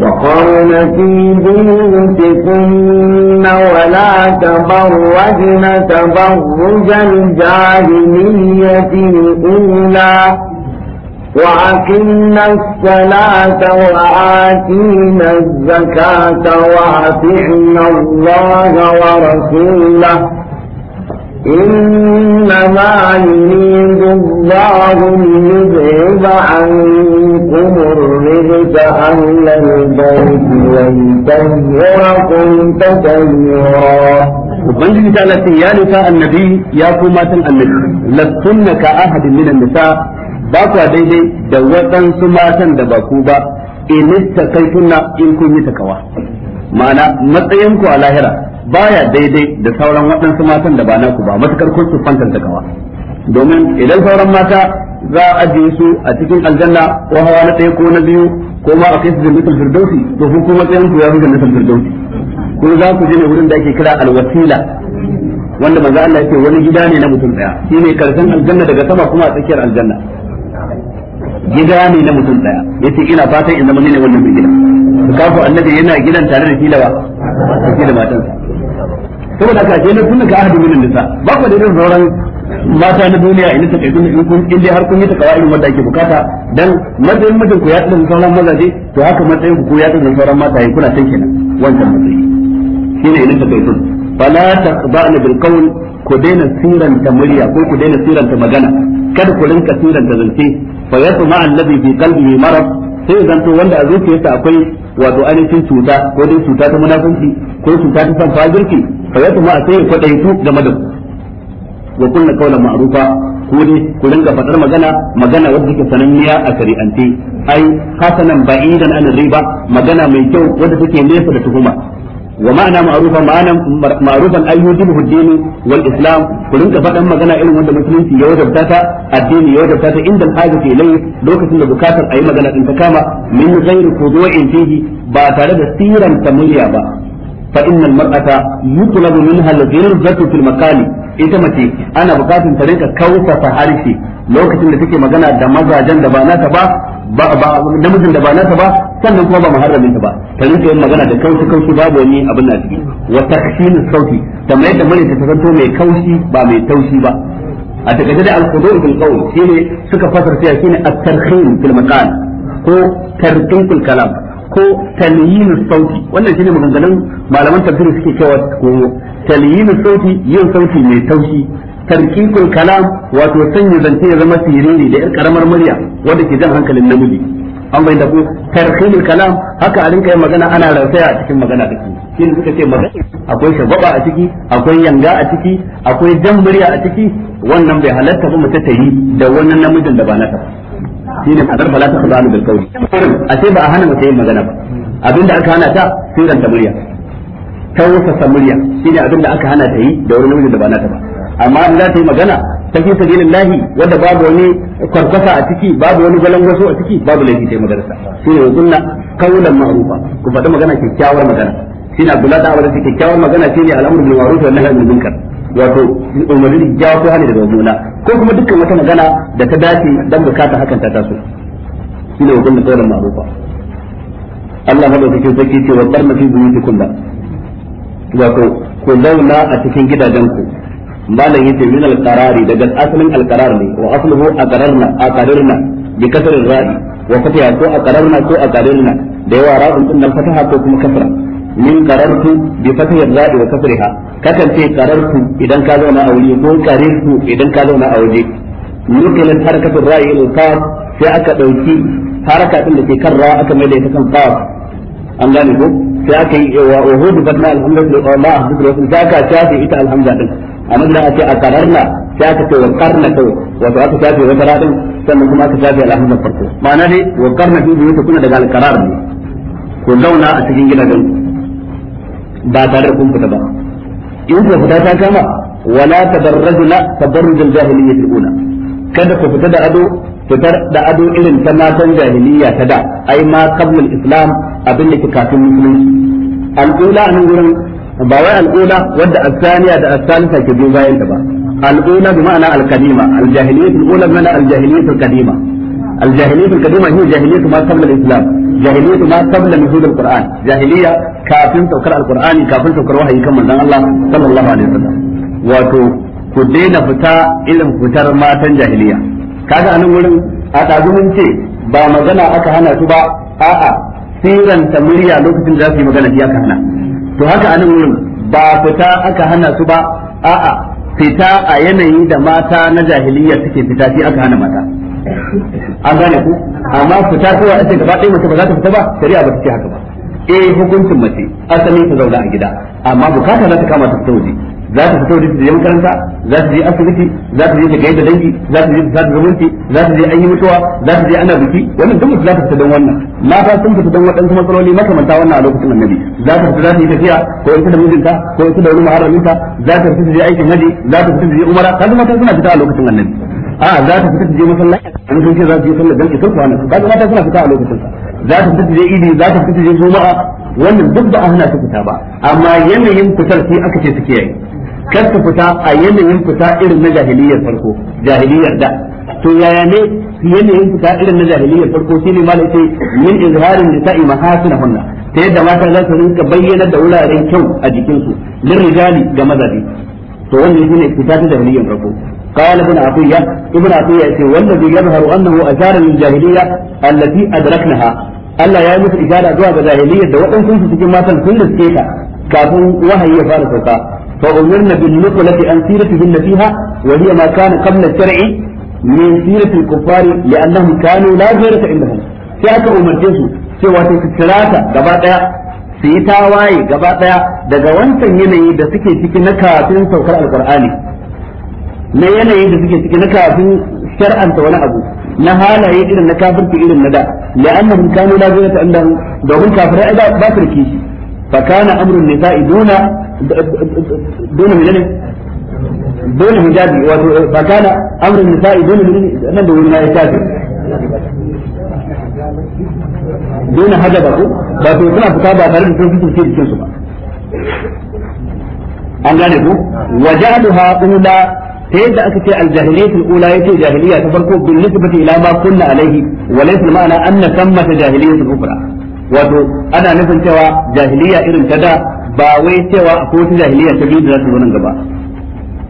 وقرن في بيوتكن ولا تبرجن تبرج الجاهلية الأولى وأقمنا الصلاة وآتينا الزكاة وأطعنا الله ورسوله إنما يريد الله ليذهب عنكم الرجس أهل البيت ويطهركم تطهيرا Ubangiji ta lati ya nisa annabi ya kuma matan annabi lastunna ka ba kwa daidai da waɗansu matan da ba ku ba in kai kunna in kun yi takawa ma'ana matsayin ku a lahira baya daidai da sauran waɗansu matan da ba naku ba matukar kun su fantar takawa domin idan sauran mata za a ajiye su a cikin aljanna ko hawa na ɗaya ko na biyu ko ma a kai su jannatul firdausi to ku kuma matsayin ku ya fi jannatul firdausi ko za ku je ne wurin da ake kira alwasila wanda manzo Allah yake wani gida ne na mutum daya shine karshen aljanna daga sama kuma a tsakiyar aljanna gida ne na mutum daya yace ina fatan in zama ne wannan mai gida kafu annabi yana gidan tare da filawa da matansa saboda ka je na kunna ka ahadu min nisa ba ku da irin sauran mata na duniya in ta kaidun in kun in dai har kun yi ta kawai wanda ake bukata dan madayin mijin ku ya tsaya sauran mazaje to haka matsayin ku ya tsaya sauran mata yayin kuna san kenan wannan mutum shine in ta kaidun fala taqba'na bil qawl ku daina siranta murya ko ku daina siranta magana kada ku rinka turan da zance fa yatma allazi fi qalbi marad sai zanto wanda a zuciyarsa akwai wato ainihin cuta ko dai cuta ta munafiki ko cuta ta san fajirki fa sai ya kwadaitu game da wa kullu qawlan ma'rufa ko dai ku rinka fadar magana magana wanda take sananniya a shari'ance ai hasanan ba'idan an riba magana mai kyau wanda take nesa da tuhuma ومعنى معروفا معنى معروفا اي يوجبه الدين والاسلام كلن كفدان magana irin wanda musulunci ya wajabta ta addini ya wajabta ta inda alhaji ilai lokacin da bukatar yi magana din ta kama min ghairi in fihi ba tare da siran tamulya ba fa innal mar'ata yutlabu minha al-ghilzatu fil maqali ita mace ana bukatun ta rinka kausa harshe lokacin da take magana da mazajen da ba nata ba ba ba namijin da ba nata ba sannan kuma ba muharramin ta ba ta rinka yin magana da kaushi kaushi babu wani abin na ciki wa takshin sauti da mai da murya ta zanto mai kaushi ba mai taushi ba a takaice da al bil qawl shine suka fasara cewa shine at-tarhin fil maqal ko tarqin kalam ko tanyin sauti wannan shine maganganun malaman tafsiri suke cewa ko talyin sauti yin sauti mai taushi tarkikul kalam wato sanya zance ya zama siriri da yar karamar murya wanda ke jan hankalin namiji an bai da ku tarkikul kalam haka a rinka yin magana ana rasaya a cikin magana da shi suka ce magana akwai shagaba a ciki akwai yanga a ciki akwai jan murya a ciki wannan bai halatta ba mace ta yi da wannan namijin da ba nata shi ne kadar bala ta kaza bil kauli a ce ba a hana mace yin magana ba abinda aka hana ta ranta murya tausasa murya shine abin da aka hana ta yi da wani namiji da ba nata ba amma in za ta yi magana ta fi sabilillahi wanda babu wani kwarkwasa a ciki babu wani gwalangwaso a ciki babu laifi ta yi shi ne shine yanzunna kaulan ma'rufa ku faɗi magana kyakkyawar magana ne Abdullah da Abdullah kyakkyawar magana shine al'amru bil ma'ruf wa nahyi anil munkar wato umarni da jawo ko hali daga mummuna ko kuma dukkan wata magana da ta dace dan bukata hakan ta taso shine yanzunna kaulan ma'rufa Allah madaukakin sarki ce wa barna fi buyutikum da wato ku zauna a cikin gidajen ku malam yace min al-qarari daga asalin al-qarar ne wa asluhu aqararna aqararna bi kasr rai wa fatiha ko aqararna ko aqararna da yawa ra'un din nan fataha ko kuma kasra min qarartu bi fatihi rai wa kasriha kakan ce qarartu idan ka zauna a wuri ko qarartu idan ka zauna a waje nukilan harakatu rai al-qaf sai aka dauki haraka din da ke kan ra aka mai da ita kan qaf an gane ko sai aka yi wa uhudu batna alhamdulillah wa ma ahdukum sai aka shafe ita alhamda din amma da ake a kararna sai aka ce wa karna kawai wato aka shafe wata radin sannan kuma aka shafe alhamda farko ma'ana dai wa karna fi biyu kuna daga alqarar ne ku zauna a cikin gidajen ba tare kun fita ba in ku fita ta kama wala tabarrajna tabarrujal jahiliyyah al-ula kada ku fita da ado fitar da ado irin ta matan jahiliya ta da ai ma qablul islam abin da ke kafin musulunci al'ula a nan gurin ba wai al'ula wadda asaniya da asalisa ke biyo bayan ta ba al'ula bi ma'ana al-qadima al-jahiliyyah al-ula bi ma'ana al-jahiliyyah al-qadima al-jahiliyyah al-qadima hiya jahiliyyah ma qabla al-islam jahiliyyah ma qabla nuzul al-qur'an jahiliya kafin saukar al-qur'ani kafin saukar wahayi kan manzon Allah sallallahu alaihi wasallam wato ku daina fita irin fitar matan jahiliya kaga anan wurin a ɗazu ce ba magana aka hana su ba a'a siranta murya lokacin da su yi magana ya aka hana to haka anan wurin ba fita aka hana su ba a'a fita a yanayi da mata na jahiliya suke fita shi aka hana mata an gane ku amma fita kowa a gaba ɗaya mace ba za ta fita ba shari'a ba ta ce haka ba eh hukuncin mace asali ta zauna a gida amma bukata za ta kama ta fita waje za ta fito da je makaranta za ta je asibiti za ta je ta gaida dangi za ta je ta sada zumunci za ta je an yi mutuwa za ta je ana biki wannan duk za ta fita don wannan mata sun fita don waɗansu matsaloli makamanta wannan a lokacin annabi za ta fita za ta yi tafiya ko ita da mijinta ko ita da wani muharraminta za ta fita je aikin haji za ta fita je umara kaga mata suna fita a lokacin annabi a za ta fita je masallaci an san ce za ta je sallar dan kitar kwana kaga mata suna fita a lokacin sa za ta fita je idi za ta fita je juma'a wannan duk ba a hana su fita ba amma yanayin fitar sai aka ce suke yi kar ka fita a yanayin fita irin na jahiliyar farko jahiliyar da to yaya ne yanayin fita irin na jahiliyar farko shine malai sai min izharin nisa'i mahasinahunna ta yadda mata za su rinka bayyana da wuraren kyau a jikinsu lirrijali ga mazaje to wannan shine fita ta jahiliyar farko قال ابن عطية ابن عطية والذي يظهر أنه أثار للجاهلية التي أدركنها Allah ya musu ishara zuwa ga jahiliyyar da waɗansu su cikin matan sun riske ta kafin wahayi ya fara sauka فأمرنا بالنقلة عن سيرتهن فيها وهي ما كان قبل الشرع من سيرة الكفار لأنهم كانوا لا غيرة عندهم sai aka umarce su cewa sai su kira ta gaba daya su yi tawaye gaba daga wancan yanayi da suke ciki na kafin saukar alkur'ani na yanayi da suke ciki na kafin shar'anta wani abu na halaye irin na kafirci irin na da la'annahum kanu la zinata indahum domin ba su dole menene dole hijabi wato ba kana amrun nisa'i dole menene nan da wuri na ya shafe dole hajaba ko ba to suna fita ba tare da sun fice jikin su ba an gane ku wajaduha ula ta yadda aka ce aljahiliyatul ula yace jahiliya ta farko bin nisbati ila ma kunna alaihi wa laysa ma'ana anna thammata jahiliyatul ukhra wato ana nufin cewa jahiliya irin ta da ba wai cewa akwai wata jahiliya ta biyu da za ta zo nan gaba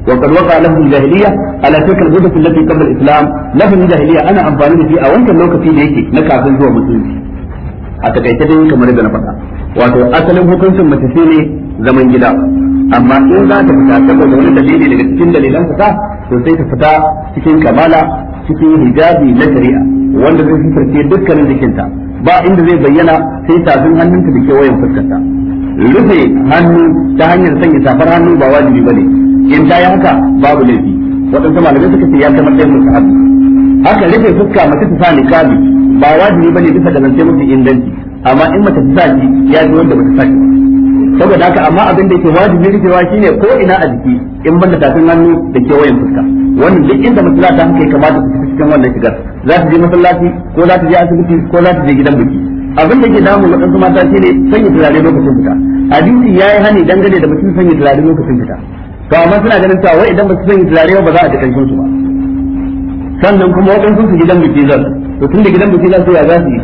وقد وقع لهم الجاهلية على تلك islam التي jahiliya ana amfani da shi a في lokaci da yake na kafin zuwa مسلمين a takaice dai kamar da na faɗa wato asalin hukuncin mace shi ne zaman gida amma in za ta fita saboda wani dalili daga cikin dalilan fita to sai ta fita cikin kamala cikin hijabi na shari'a wanda zai fitarce dukkanin jikinta ba inda zai bayyana sai tafin hannunta da kewayen fuskarta rufe hannu ta hanyar sanya safar hannu ba wajibi bane in ta yi haka babu laifi waɗansu malamai suka ce ya ɗaya musu haɗu haka rufe fuska mace ta sa kabi ba wajibi bane bisa ga zance musu inganci amma in mace ta sa shi ya ji wanda bata sa shi saboda haka amma abin da yake wajibi shi ne ko ina a jiki in banda tafin hannu da kewayen fuska wannan duk inda ta haka ya kamata su cikin wannan shigar za ta je masallaci ko za ta je asibiti ko za ta je gidan biki abin da ke damun waɗansu mata shi ne sanya turare lokacin fita hadisi ya yi hani dangane da mutum sanya turare lokacin fita to amma suna ganin cewa wai idan ba su sanya turare ba za a ji kanshin su ba sannan kuma waɗansu su gidan biki zan to tun da gidan biki zan ya za su yi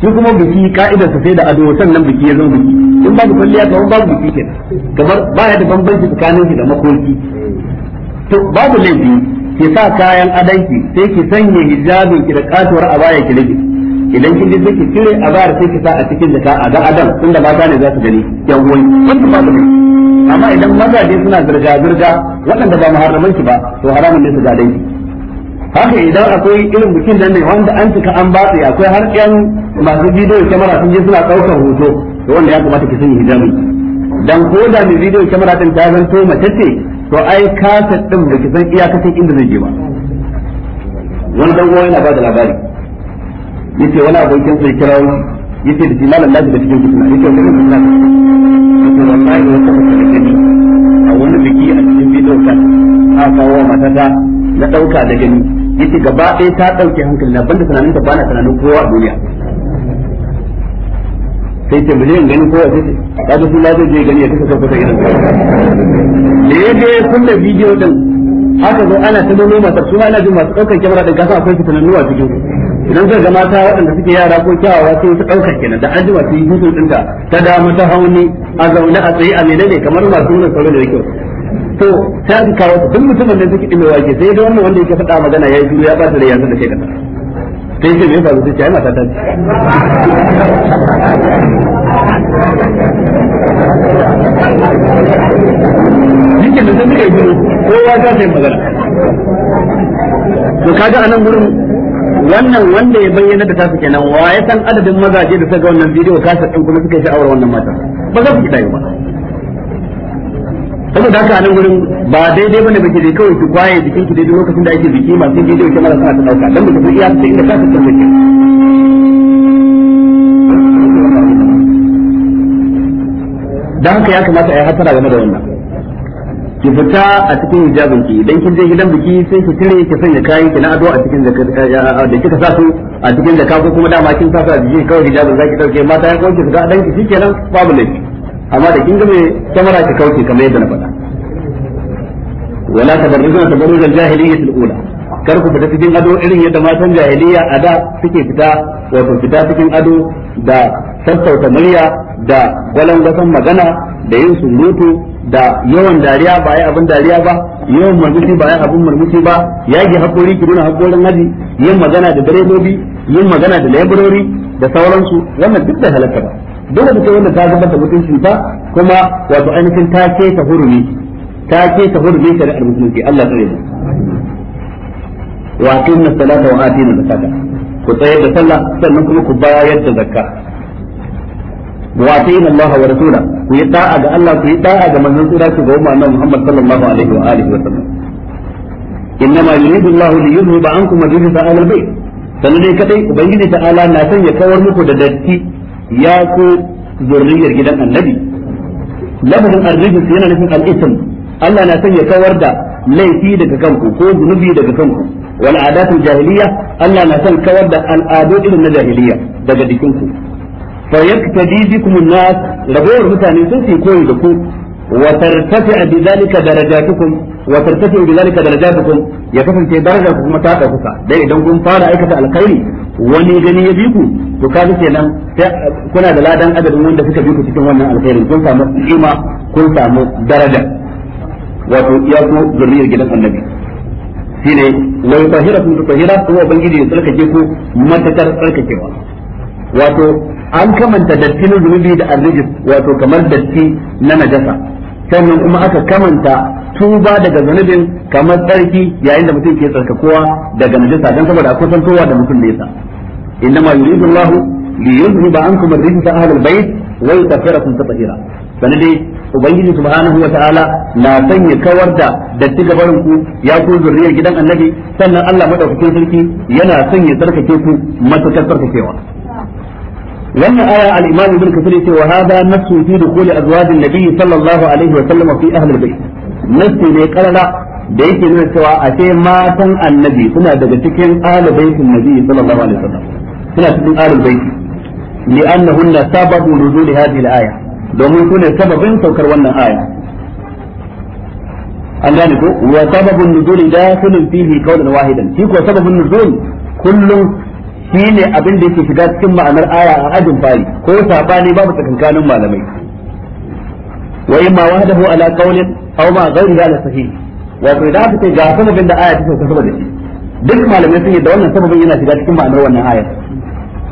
shi kuma biki ka'idar su sai da ado sannan biki ya zan biki in babu kwalliya kamar babu biki kenan kamar ya da bambanci tsakanin shi da makoki to babu laifi ke sa kayan adanki sai ki sanya hijabin ki da katuwar abaya ki rage idan kin je ki cire a bayar sai ki sa a cikin jaka a ga adam tunda mata ne za su gani yan uwan wanda ba su amma idan maza mazaje suna zirga zirga waɗanda ba muharraman ki ba to haramun ne su ga danki haka idan akwai irin bikin nan ne wanda an cika an batsi akwai har yan masu bidiyo kamera sun je suna ɗaukar hoto to wanda ya kamata ki sanya hijabi dan ko da mai bidiyo kyamara din ta zanto mace ce to ai kasa din da ki san iyakacin inda zai je ba wani dan uwa yana ba da labari yace wani abokin sai kira shi yace da jimalan lafi da cikin fitina yace wani abokin irin fitina yace wallahi wata fitina gani a wani biki a cikin bidiyo kan a kawo matata na dauka da gani yace gaba ɗaya ta dauke hankali na banda tunanin ta bana tunanin kowa a duniya sai ce mu je in gani kowa sai a kaga sun lazo je gani ya kasa kan kusa irin da ya je kulle bidiyo din haka zo ana ta nuna masu suna ana jin masu ɗaukar kyamara din kasa akwai fitinannuwa cikin su idan zai ga mata waɗanda suke yara ko kyawawa sai su ɗaukar kenan da an su yi hutun ɗinta ta dama ta hauni a zaune a tsaye a menene kamar masu nuna sauran da kyau to ta fi kawo duk mutumin da suke sai ga wannan wanda yake faɗa magana ya yi juriya ya ɓata da yanzu da kai kasa sai ce me ba ce ai mata ta da sai muka yi juru kowa ta sai magana to kaga gurin wannan wanda ya bayyana da tasu kenan wa ya san adadin mazaje da suka wannan bidiyo kasa din kuma suka yi sha'awar wannan mata ba za ku kidaye ba da haka nan gurin ba daidai bane bace dai kawai ki kwaye jikin ki daidai lokacin da ake biki masu bidiyo kamar suna ta dauka dan mutum iya sai da kasa din bace dan haka ya kamata a yi hasara game da wannan ki fita a cikin hijabin ki idan kin je gidan biki sai ki tare ki sanya kayan ki na ado a cikin da kika sa su a cikin da ko kuma dama kin sa su a jiki kawai hijabin zaki dauke mata ya kauce ga dan ki shikenan babu laifi amma da kin gane kamera ki kauce kamar yadda na faɗa wala tabarrujuna tabarrujal jahiliyyatil ula kar ku fita cikin ado irin yadda matan jahiliya a da suke fita wato fita cikin ado da sassauta murya da gwalangwasan magana da yin surutu da yawan dariya ba ya abin dariya ba yawan murmushi ba ya abin murmushi ba yage hakori ki nuna hakorin haji yin magana da direbobi yin magana da laborori da sauransu wannan duk da halatta ba don da kai wanda ta zubar da mutuncin ta kuma wato ainihin ta ce ta hurumi ta ce ta hurumi ta da mutunci Allah tsare mu wa tunna salata wa atina zakata ku tsaye da sallah sannan kuma ku bayar da zakka wa atin Allah wa rasulahu ku yi da'a ga Allah ku yi da'a ga manzon tsira ku ga umma Muhammad sallallahu alaihi wa alihi wa sallam innama yuridu Allah li yuzhiba ankum rijsa ahli bayt sannan dai kadai ubangiji ta'ala na san ya kawar muku da datti ya ku zurriyar gidan annabi lafazin ar-rijs yana nufin al-ithm Allah na san ya kawar da laifi daga kanku ko zunubi daga kanku wal adatul jahiliya Allah na san kawar da al'adu irin na jahiliya daga ku. fa yaktadi bikum an-nas rabawar mutane sun fi koyi da ku wa tartafi bi zalika darajatukum wa tartafi bi zalika darajatukum ya kasance daraja ku kuma ta dauka dai idan kun fara aikata alkhairi wani gani ya bi ku to kaga kenan kuna da ladan adadin wanda suka bi ku cikin wannan alkhairin kun samu kima kun samu daraja wato ya ku zuriyar gidan annabi shine wai tahira kun da kuma ubangiji ya matakar tsarkakewa wato an kamanta dattin zunubi da arrijis wato kamar datti na najasa sannan kuma aka kamanta tuba daga zunubin kamar tsarki yayin da mutum ke tsarkakowa daga najasa dan saboda akwai santowa da mutum nesa innama yuridu Allah li yuzhiba ankum ar-rijsa ahlul bayt wa yutahhirakum tatahira sanan dai ubangiji subhanahu wa ta'ala na sanya kawar da datti gabarin ku ya ku zuriyar gidan annabi sannan Allah madaukakin sarki yana sanya tsarkake ku matakar tsarkakewa wannan aya al-imam ibn kathir yace wa hada nasu fi dukhul azwaj an-nabi sallallahu alaihi wa sallam fi ahli al-bayt nasu ne karara da yake nuna cewa a ce matan annabi suna daga cikin ahli baitin nabi sallallahu alaihi wa sallam suna cikin ahli baiti li'annahunna sababu nuzul hadhihi al-aya domin sune sababin saukar wannan aya an gane ko wa sababun nuzul dakhilun fihi qawlan wahidan shi ko sababun nuzul kullum shi ne abin da yake shiga cikin ma'anar aya a ajin fari ko sabani babu tsakankanin malamai wa imma wahdahu ala qawlin aw ma ghayri ala sahih wato idan aka ce ga sababin da aya ta sauka da shi duk malamai sun yi da wannan sababin yana shiga cikin ma'anar wannan aya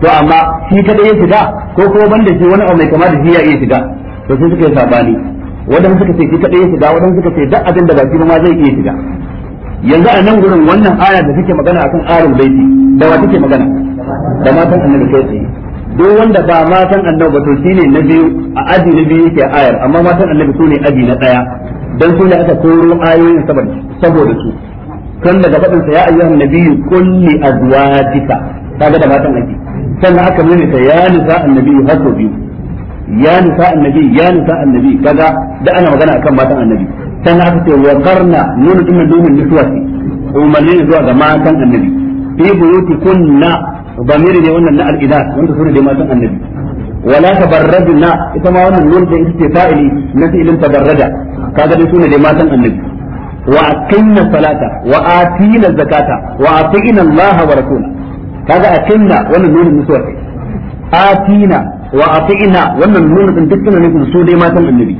to amma shi kada ya shiga ko kuma banda shi wani abu mai kama da shi ya iya shiga to sai suka yi sabani wadanda suka ce shi kada ya shiga wadanda suka ce duk abin da ba shi ma zai iya shiga yanzu a nan gurin wannan aya da take magana akan arin baiti da wa take magana da matan annabi kai tsaye duk wanda ba matan annabi ba to shine na biyu a aji na biyu yake ayar amma matan annabi su ne aji na daya dan ne aka koro ayoyin saboda saboda su kan daga fadin sa ya ayyuhan nabiyyu qul li azwajika kaga da matan aji sannan aka nuna ta ya nisa annabi har so biyu ya nisa annabi ya nisa annabi kaga da ana magana akan matan annabi sannan aka ce wa qarna nuna dumin domin nisuwa umarni zuwa ga matan annabi fi buyuti kunna ضمير ne wannan na al-idat wanda sune dai matan annabi wala tabarrajna ita ma wannan nun da ita ce fa'ili na fi'ilin tabarraja kaga dai sune dai annabi wa aqimna salata wa atina zakata wa atina Allah wa rasula kaga aqimna wannan nunin musuwa ce atina wa atina wannan nunin din dukkan ne su annabi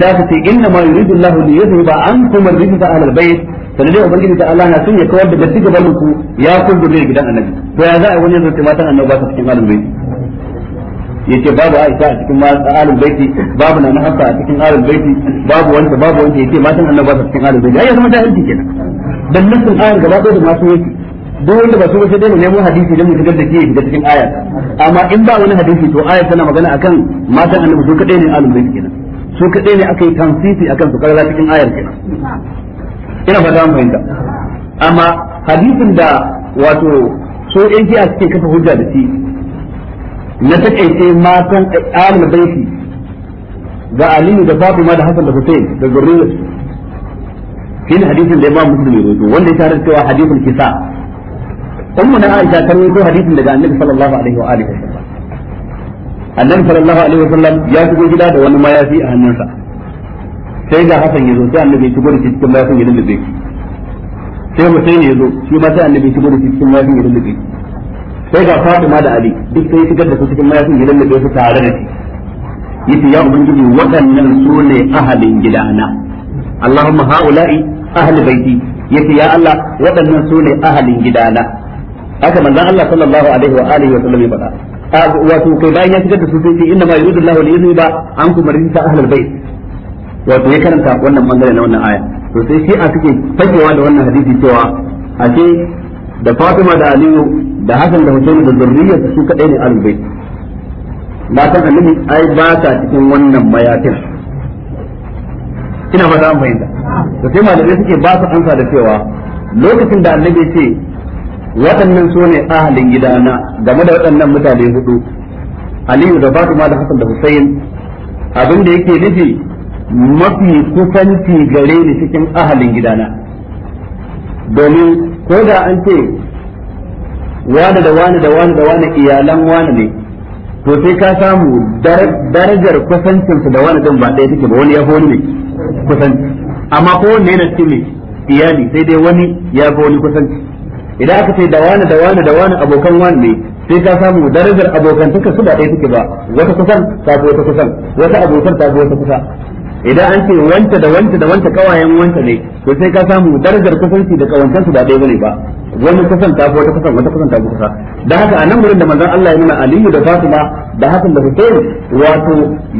sai ce inna ma yuridu Allah li yuzhiba ankum ar-rijsa ahlal bayt sanadai ubangiji ta na sun ya kawar da dattiga balku ya kullu gidan annabi to ya za a wani zurfi matan annabi ba su cikin alul baiti yace babu Aisha a cikin alul baiti babu Nana Hafsa a cikin alul baiti babu wanda babu wanda yace matan annabi ba su cikin alul baiti ai zama jahilci kenan dan nasin ayar gaba ɗaya da masu yake duk wanda ba su sai dai mu nemo hadisi dan mu shigar da ke da cikin aya amma in ba wani hadisi to aya tana magana akan matan annabi su kadai ne alim bai kenan su kadai ne aka yi tansisi akan su karara cikin ayar kenan ina fata mun fahimta amma hadisin da wato so yan jiya suke kafa hujja da shi na takaice matan ahlul baiti ga aliyu da babu ma da hasan da hussein da zurriyar shi ne hadisin da ba muslim ya rawaito wanda ya da cewa hadisin kisa a na aisha ta rawaito hadisin daga annabi sallallahu alaihi wa alihi annabi sallallahu alaihi sallam ya shigo gida da wani mayafi a hannunsa sai ga hasan ya zo sai annabi ya shigo da cikin mayafin ya dinga zai sai Hussein ya zo shi ma sai annabi shigo da shi cikin mayafin gidan da sai ga Fatima da Ali duk sai shigar da su cikin mayafin gidan da su tare da shi yace ya ubangiji waɗannan su ne ahalin gidana Allahumma haula'i ahli baiti yace ya Allah waɗannan su ne ahalin gidana haka manzon Allah sallallahu alaihi wa alihi wa sallam ya faɗa wato kai bayan ya shigar da su sai inna ma yuridu Allahu li yuzhiba ankum rijsa ahlal bait wato ya karanta wannan bangare na wannan aya to sai shi a suke fakewa da wannan hadisi cewa a ce da Fatima da Aliyu da hasan da Hussein da zurriyar su kadai ne ahlul na ba san annabi ai ba ta cikin wannan mayatin ina fata an fahimta to sai malamai suke ba su ansa da cewa lokacin da annabi ce waɗannan su ne ahalin gidana game da waɗannan mutane hudu Aliyu da Fatima da Hassan da Hussein abin da yake nufi mafi kusanci gare ni cikin ahalin gidana domin ko da an ce wani da wani da wani da wani iyalan wani ne to sai ka samu darajar kusancinsu da wani din ba ɗaya take ba wani ya wani ne kusanci amma ko wani yana cikin ne iyali sai dai wani ya fi wani kusanci idan aka ce da wani da wani da wani abokan wani ne sai ka samu darajar abokan abokantaka su ba ɗaya take ba wata kusan ta wata kusan wata abokan ta wata kusa idan an ce wanta da wanta da wanta kawayen wanta ne to sai ka samu darajar kusanci da kawancan su ba dai bane ba wani kusan ta wata kusan wata kusan ta kusa da haka a nan wurin da manzon Allah ya nuna Aliyu da Fatima da hakan da Hussein wato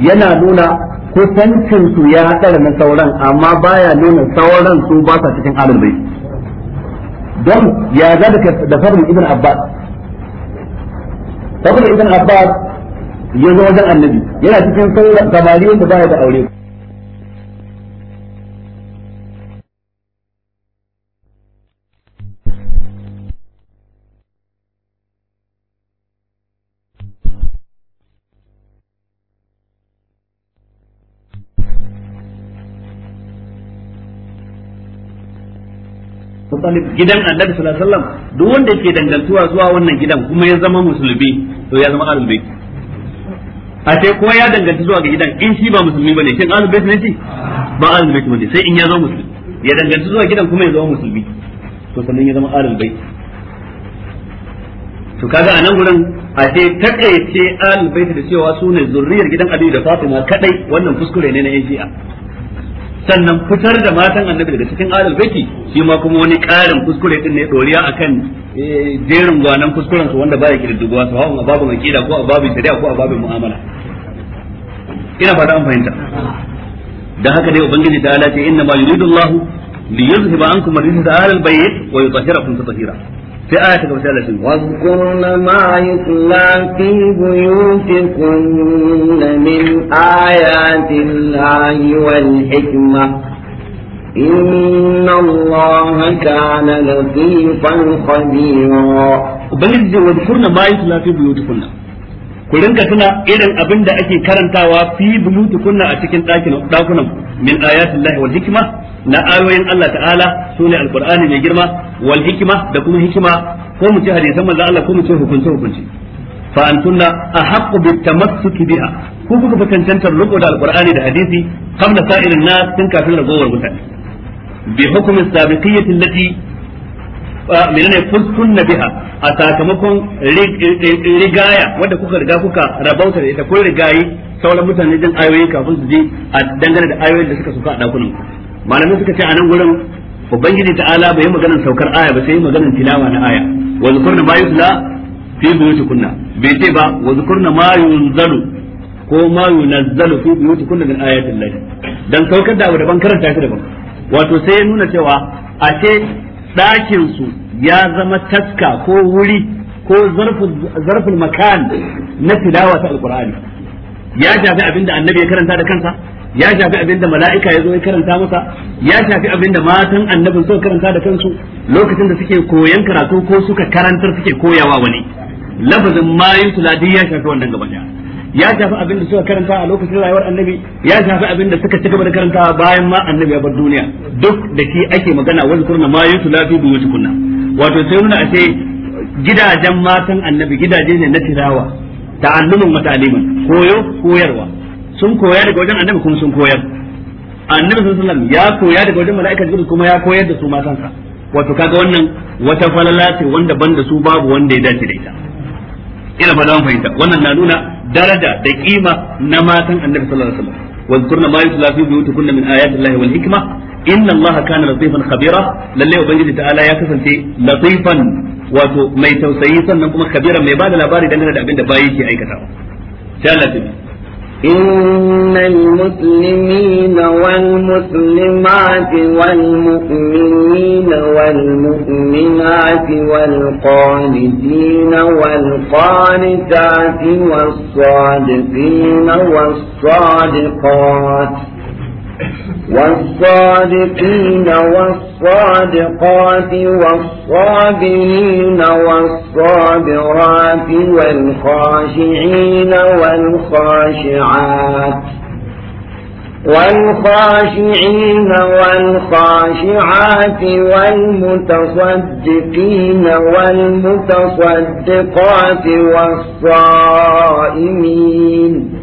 yana nuna kusancin su ya tsara na sauran amma baya nuna sauran su ba sa cikin alul bai don ya ga da fadin ibn Abbas fadin ibn Abbas ya zo wajen annabi yana cikin sauran samari wanda baya da aure Muttalib gidan Annabi sallallahu alaihi wasallam duk wanda yake dangantuwa zuwa wannan gidan kuma ya zama musulmi to ya zama ahlul bait a sai kuma ya danganta zuwa ga gidan in shi ba musulmi bane shin ahlul bait ne shi ba ahlul bait bane sai in ya zama musulmi ya danganta zuwa gidan kuma ya zama musulmi to sannan ya zama ahlul bait to kaga anan gurin a ce takaice ahlul bait da cewa sune zurriyar gidan Abi da Fatima kadai wannan kuskure ne na yan shi'a sannan fitar da matan annabi daga cikin alal baiti shi ma kuma wani karin kuskure din ne doriya akan eh, jerin gwanan kuskuren su wanda baya kididduwa sawa'un a mai aqida ko a babin shari'a ko a mu'amala ina fata an fahimta da haka dai ubangiji ta ce inna ma yuridu Allah li yuzhiba ankum ar-rijsa ahlal bayt wa yutahhirakum tatheera في آية كما مثالة واذكرن ما يتلى في بيوتكن من آيات الله والحكمة إن الله كان لطيفا خبيرا ubangiji zai wadkurna ma yusla fi buyutikunna ku rinka tuna irin abin da ake karantawa fi bulutu kunna a cikin ɗakunan min ayatin lahi wal hikma na ayoyin Allah ta'ala sune alqur'ani mai girma wal hikma da kuma hikima ko mu ci hadisan manzo Allah ko mu ci hukunce hukunci fa antunna ahaqqu bit tamassuki biha ku kuka fi cancantar da alqur'ani da hadisi qabla sa'irin nas tun kafin ragowar mutane bi hukumin sabiqiyyati allati menene kuntunna biha a sakamakon rigaya wanda kuka riga kuka rabauta da ita ko rigayi sauran mutane jin ayoyi kafin su je a dangane da ayoyin da suka suka a dakunan ku malamai suka ce a nan gurin ubangiji ta'ala bai yi maganar saukar aya ba sai yi maganar tilawa na aya wa zukurna ma yuzla fi kunna bai ce ba wa zukurna ma yunzalu ko ma yunzalu fi kunna min ayatin lahi dan saukar da abu daban karanta shi daban wato sai ya nuna cewa a ce dakin su ya zama taska ko wuri ko zarfin makan na tilawa ta alqur'ani ya shafi abinda annabi ya karanta da kansa ya shafi abinda mala'ika ya zo ya karanta masa ya shafi abinda matan annabin suka karanta da kansu lokacin da suke koyan karatu ko suka karantar suke koyawa wani lafazin mayin tuladi ya shafi wannan gaba daya ya shafi abinda suka karanta a lokacin rayuwar annabi ya shafi abinda suka ci gaba da karanta bayan ma annabi ya bar duniya duk da shi ake magana wani kurna mayin tuladi bi wuce kunna wato sai nuna ashe gidajen matan annabi gidaje ne na tirawa ta'allumin wa koyo koyarwa sun koya daga wajen annabi kuma sun koyar annabi sun alaihi ya koya daga wajen mala'ika jibril kuma ya koyar da su ma kansa wato kaga wannan wata falala ce wanda da su babu wanda ya dace da ita ina ba don fahimta wannan na nuna daraja da kima na matan annabi sallallahu alaihi wasallam واذكرن ما يتلى في بيوتكن من آيات الله والحكمة إن الله كان لطيفا خبيرا لله وبنجد تعالى يا كسنتي لطيفا wato mai tausayi sannan kuma kabiran mai bada labari dangane da abin da bayi ke aikatawa sai Allah إن المسلمين والمسلمات والمؤمنين والمؤمنات والقانتين والقانتات والصادقين والصادقات والصادقين والصادقات والصابرين والصابرات والخاشعين والخاشعات والخاشعين والخاشعات والمتصدقين والمتصدقات والصائمين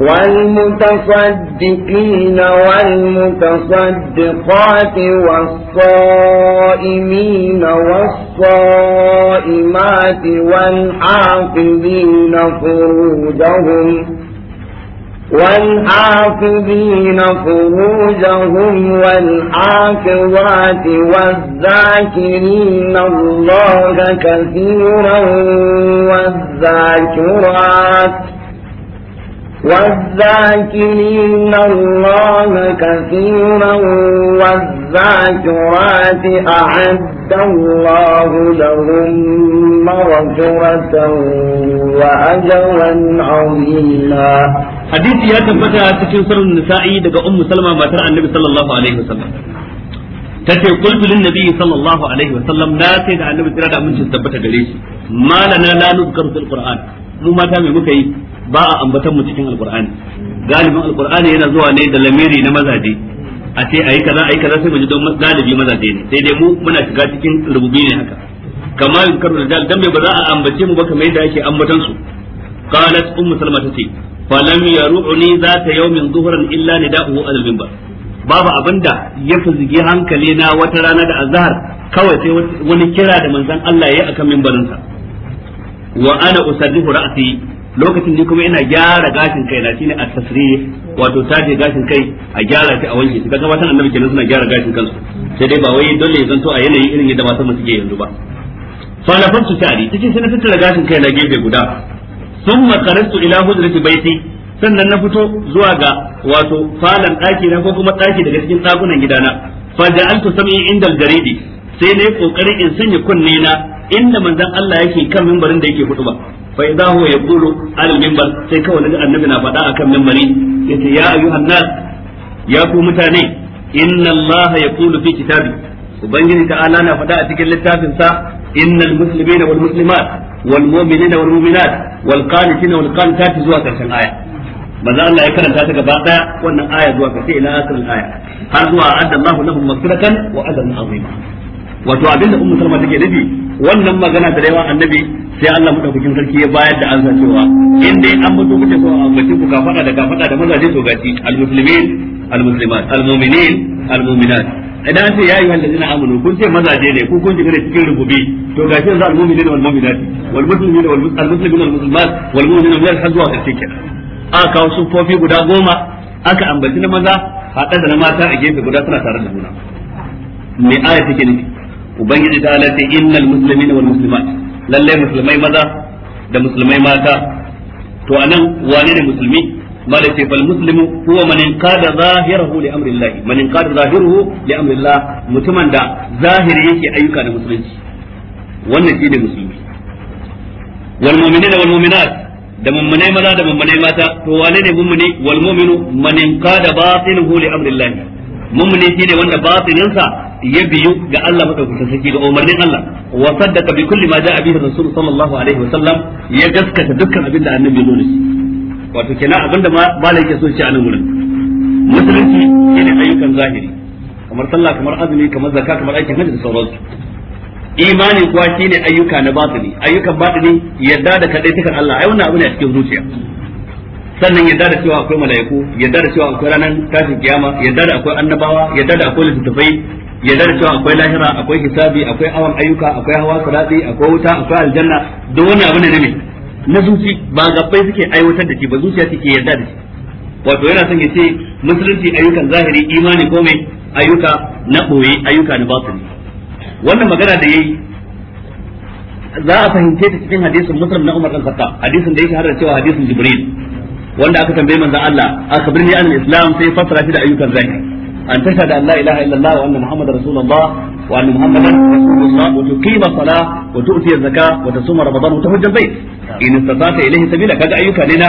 والمتصدقين والمتصدقات والصائمين والصائمات والحافظين فروجهم والحافظين فروجهم والحافظات والذاكرين الله كثيرا والذاكرات والذاكرين الله كثيرا والذاكرات أعد الله لهم مغفرة وأجرا عظيما حديث يا تبتا تكن سر النسائي دقى أم سلمة ما ترى النبي صلى الله عليه وسلم tace qultu lin nabi sallallahu alaihi wa na sai da annabi tira da amincin tabbata gare shi malana la nuzkaru fil qur'an mu mata me muka yi ba a ambatan mu cikin alqur'ani galibin alqur'ani yana zuwa ne da lamiri na mazaje a ce ayi kaza ayi kaza sai mu ji don galibi mazaje ne sai dai mu muna shiga cikin rububi ne haka kama karu rijal dan bai ba za a ambace mu ba kamar yadda ake ambatan su qalat ummu salma tace falam yaru'ni zata yawmin zuhran illa nida'uhu da al-minbar babu abinda ya fuzige hankali na wata rana da azhar kawai sai wani kira da manzon Allah ya yi akan minbarinsa wa ana usaddihu ra'si lokacin ni kuma ina gyara gashin kai na shine at-tasrih wato taje gashin kai a gyara shi a wanke shi kaga matan annabi kenan suna gyara gashin kansu sai dai ba wai dole zan to a yanayi irin yadda matan mu suke yanzu ba fa na tari cikin sai na tattara gashin kai na gefe guda summa qaratu ila hudrati baiti sannan na fito zuwa ga wato falan daki na ko kuma daki daga cikin dakunan gidana fa ja'altu sam'i inda jaridi sai ne kokarin in sanya kunne na inda manzon Allah yake kan mimbarin da yake hudu ba fa idza huwa yaqulu al minbar sai kawai daga annabi na faɗa akan minbari yace ya ayyuhan nas ya ku mutane inna allaha yaqulu fi kitabi ubangiji ta'ala na faɗa a cikin littafin sa musulmi muslimina wal muslimat wal mu'minina wal mu'minat wal qanitina wal qanitati zuwa karshen aya manzo Allah ya karanta ta gaba daya wannan aya zuwa karshe ila asirin aya har zuwa adda Allahu lahum maghfiratan wa ajran azima wato abinda ummu salma take nufi wannan magana da yawa annabi sai Allah madaukakin sarki ya bayar da ansa cewa inda an mutu kuke so a bace ku kafada da kafada fada da mazaje to gaci almuslimin almuslimat almu'minin almu'minat idan sai ya yi dina amanu kun ce mazaje ne ku kun ji gare cikin rububi to gashi yanzu almu'minin wal almu'minat wal muslimin wal muslimin wal muslimat wal mu'minin wal hazwa da cike a kawo sufofi guda goma aka ambaci na maza haɗa da na mata a gefe guda suna tare da juna me aya take nufi ubangiji ta ala ce innal muslimina wal muslimat Lallai musulmai maza da musulmai mata to anan wane ne musulmi mala ce bal muslimu huwa man qada zahirahu li amri Allah man qada zahiruhu li amri Allah mutumin da zahiri yake ayyuka da musulunci wannan shi ne musulmi wal mu'minina wal mu'minat da mummunai maza da mummunai mata to wane ne mummuni wal mu'minu man qada batinuhu li amri Allah mummuni shine wanda batininsa ya biyu ga Allah madaukakin sarki ga umarnin Allah wa saddaka bi kulli ma ja'a bihi rasul sallallahu alaihi wasallam ya gaskata dukkan abin da annabi zo da shi wato kenan abin da malai ke so shi a nan wurin musulunci ne ayyukan zahiri kamar sallah kamar azumi kamar zakka kamar aikin hajji da sauransu imani kuwa shine ayyuka na batini ayyukan batini yadda da kadai tukan Allah ai wannan abin ne a cikin zuciya sannan yadda da cewa akwai mala'iku yadda da cewa akwai ranar tashin kiyama yadda da akwai annabawa yadda da akwai littattafai yadda da cewa akwai lahira akwai hisabi akwai awan ayyuka akwai hawa sirati akwai wuta akwai aljanna duk wani abu ne ne na zuci ba gabbai suke aiwatar da shi ba zuciya take yarda da shi wato yana son ya ce musulunci ayyukan zahiri imani ko mai ayyuka na boye ayyuka na batini wannan magana da yayi za a fahimce ta cikin hadisin muslim na Umar bin Khattab hadisin da yake har da cewa hadisin Jibril wanda aka tambaye manzo Allah akhbirni an islam sai fasara shi da ayyukan zahiri an tashhadu an la ilaha illallah wa anna muhammadar rasulullah wa anna muhammadan rasulullah wa tuqima salah wa tu'ti zakah wa tasuma ramadan wa tahujja bayt in istata'ta ilayhi sabila kaga ayyuka ne na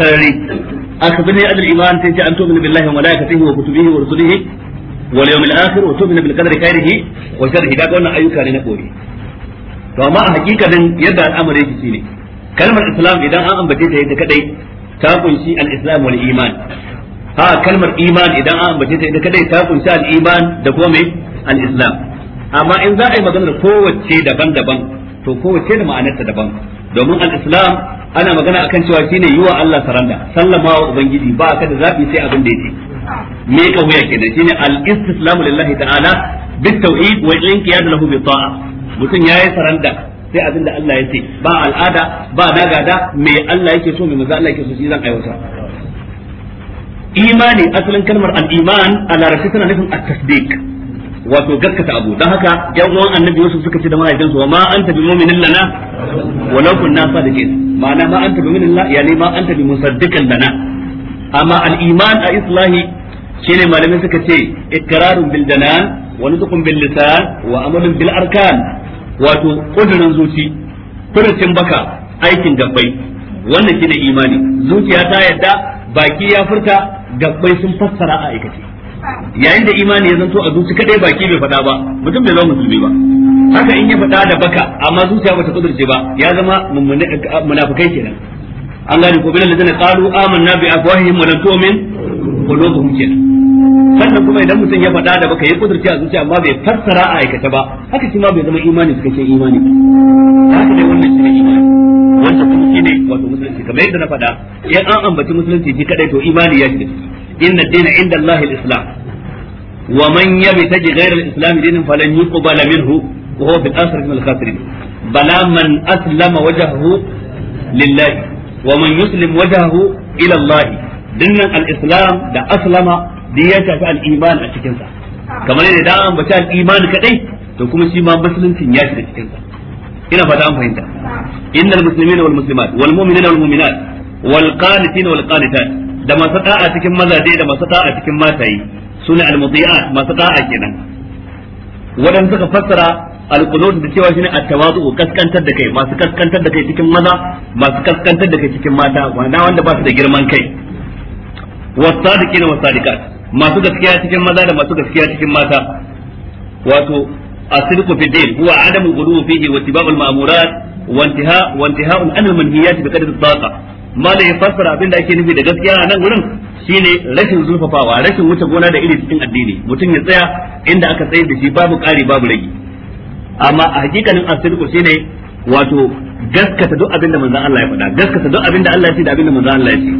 sarari akhbirni adal iman sai ce an tu'minu billahi wa malaikatihi wa kutubihi wa rusulihi wal yawmil akhir wa tu'minu bil qadri khairihi wa sharrihi kaga wannan ayyuka na kori to amma a hakikanin yadda al'amari yake shine kalmar islam idan an ambace ta yadda kadai ta kunshi al-islam iman ha kalmar iman idan an ambace ta ita kadai ta kunshi al-iman da kuma mai al-islam amma in za a yi maganar kowace daban-daban to kowace da ma'anarta daban domin al-islam ana magana akan cewa shine yiwa Allah saranda sallama wa ubangiji ba ka da zabi sai abin da yake me ka wuya kenan shine al-istislamu lillahi ta'ala bit-tauhid wa al-inqiyad lahu bi-ta'a mutum yayi saranda sai abin da Allah ya ce ba al'ada ba nagada me Allah yake so me maza Allah yake so shi zan aiwata imani asalin kalmar al-iman a larabci tana nufin at-tasdiq wato gaskata abu don haka yan uwan annabi Yusuf suka ce da mahaifinsu wa ma anta bi mu'minin lana wa walau kunna sadiqin ma'ana ma anta bi mu'minin lana yani ma anta bi musaddiqan lana amma al-iman a islahi shine malamai suka ce iqrarun bil janan wa nutqun bil lisan wa amalun bil arkan wato kudurin zuci furucin baka aikin gabbai wannan shine imani zuciya ta yadda baki ya furta gabbai sun fassara a aikace yayin da imani ya zanto a zuci kadai baki bai faɗa ba mutum bai zama musulmi ba haka in ya faɗa da baka amma zuciya bata kudurce ba ya zama munafikai kenan an gane ko bilal ladina qalu amanna bi afwahihim wa lam tu'min qulubuhum kenan sannan kuma idan mutum ya faɗa da baka ya kudurce a zuciya amma bai fassara a aikace ba haka shi ma bai zama imani suka ce imani ba haka dai wannan ne wato musulunci kamar yadda na faɗa in an ambaci musulunci shi kadai to imani ya shiga inna dina inda Allah al-islam wa man yabtaji ghayra al-islam dinan falan minhu wa huwa fil min al-khasirin bala man aslama wajhahu wa man yuslim wajhahu ila Allah dinnan al-islam da aslama da ya shafi al-iman a cikin sa kamar yadda da an ambaci al-iman kadai to kuma shi ma musuluncin ya shiga cikin sa ina fata an fahimta innal muslimina wal muslimat wal mu'minina wal mu'minat wal da masu da'a cikin mazaje da masu da'a cikin mataye sune al muti'at masu da'a kenan wadan suka fassara al qunut da cewa shine at-tawazu kaskantar da kai masu kaskantar da kai cikin maza masu kaskantar da kai cikin mata wanda wanda ba su da girman kai wasadiqina wasadiqat masu gaskiya cikin maza da masu gaskiya cikin mata wato الصدق في الدين هو عدم الغلو فيه واتباع المأمورات wantiha wantiha'un anil manhiyati bi qadri taqa mala ya fassara abin da ake nufi da gaskiya a nan gurin shine rashin zulfafawa rashin wuce gona da iri cikin addini mutum ya tsaya inda aka tsayar da shi babu ƙari babu rage amma a hakikanin asirku shine wato gaskata duk abin da manzon Allah ya faɗa gaskata duk abin da Allah ya ce da abin da manzon Allah ya ce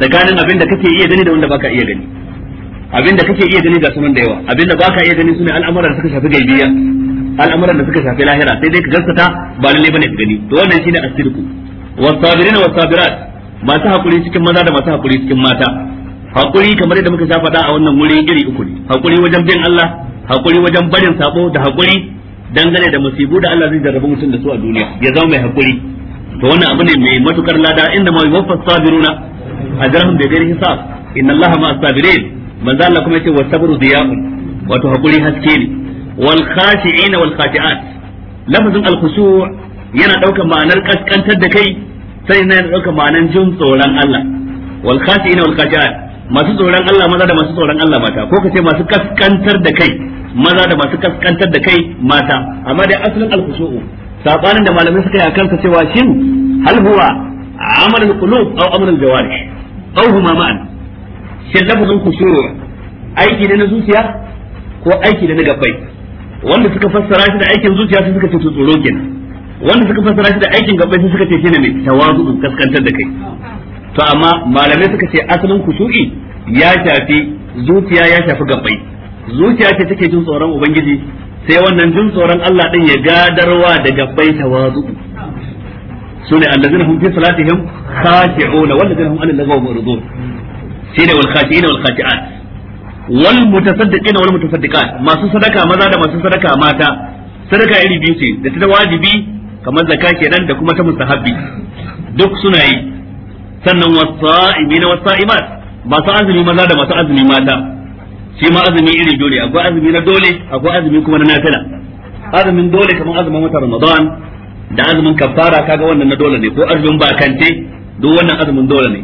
tsakanin abin da kake iya gani da wanda baka iya gani abin da kake iya gani ga sunan da yawa abin da baka iya gani sune al'amuran da suka shafi gaibiya al'amuran da suka shafi lahira sai dai ka gaskata ba lalle bane ka gani to wannan shine asirku wasabirina wasabirat masu hakuri cikin maza da masu hakuri cikin mata hakuri kamar yadda muka shafa da a wannan wuri iri uku ne hakuri wajen bin Allah hakuri wajen barin sabo da hakuri dangane da musibu da Allah zai jarrabe mutum da su a duniya ya zama mai hakuri to wannan abu ne mai matukar lada inda ma yuwaffa sabiruna ajrahum bi ghairi hisab inna Allah ma as sabirin manzo Allah kuma yace wasabru diya'un wato hakuri haske ne wal khashi'ina wal khashi'at lafazin al khushu' yana daukar ma'anar kaskantar da kai sai yana daukar ma'anar jin tsoron Allah wal khashi'ina wal khashi'at masu tsoron Allah maza da masu tsoron Allah mata ko kace masu kaskantar da kai maza da masu kaskantar da kai mata amma dai asalin al khushu'u sabanin da malamai suka yi akan sa cewa shin hal huwa amal al qulub aw amal al jawarih aw huma ma'an shin lafazin khushu' aiki ne na zuciya ko aiki ne na gabbai wanda suka fassara shi da aikin zuciya sai suka ce tsoro kenan wanda suka fassara shi da aikin gaba sai suka ce ne mai tawazu kaskantar da kai to amma malamai suka ce asalin kusuri ya shafi zuciya ya shafi gabai zuciya ce take jin tsoron ubangiji sai wannan jin tsoron Allah din ya gadarwa da gabai tawazu sune allazina hum fi salatihim khashi'una wallazina hum anil lagawi muridun shine wal khashi'ina wal khashi'at wal mutasaddiqin wal mutasaddiqat masu sadaka maza da masu sadaka mata sadaka iri biyu ce da ta wajibi kamar zakka kenan da kuma ta mustahabbi duk suna yi sannan wasa'imina wasa'imat masu azumi maza da masu azumi mata shi ma azumi iri dole akwai azumi na dole akwai azumi kuma na nafila azumin dole kamar azumin wata ramadan da azumin kafara kaga wannan na dole ne ko azumin bakante duk wannan azumin dole ne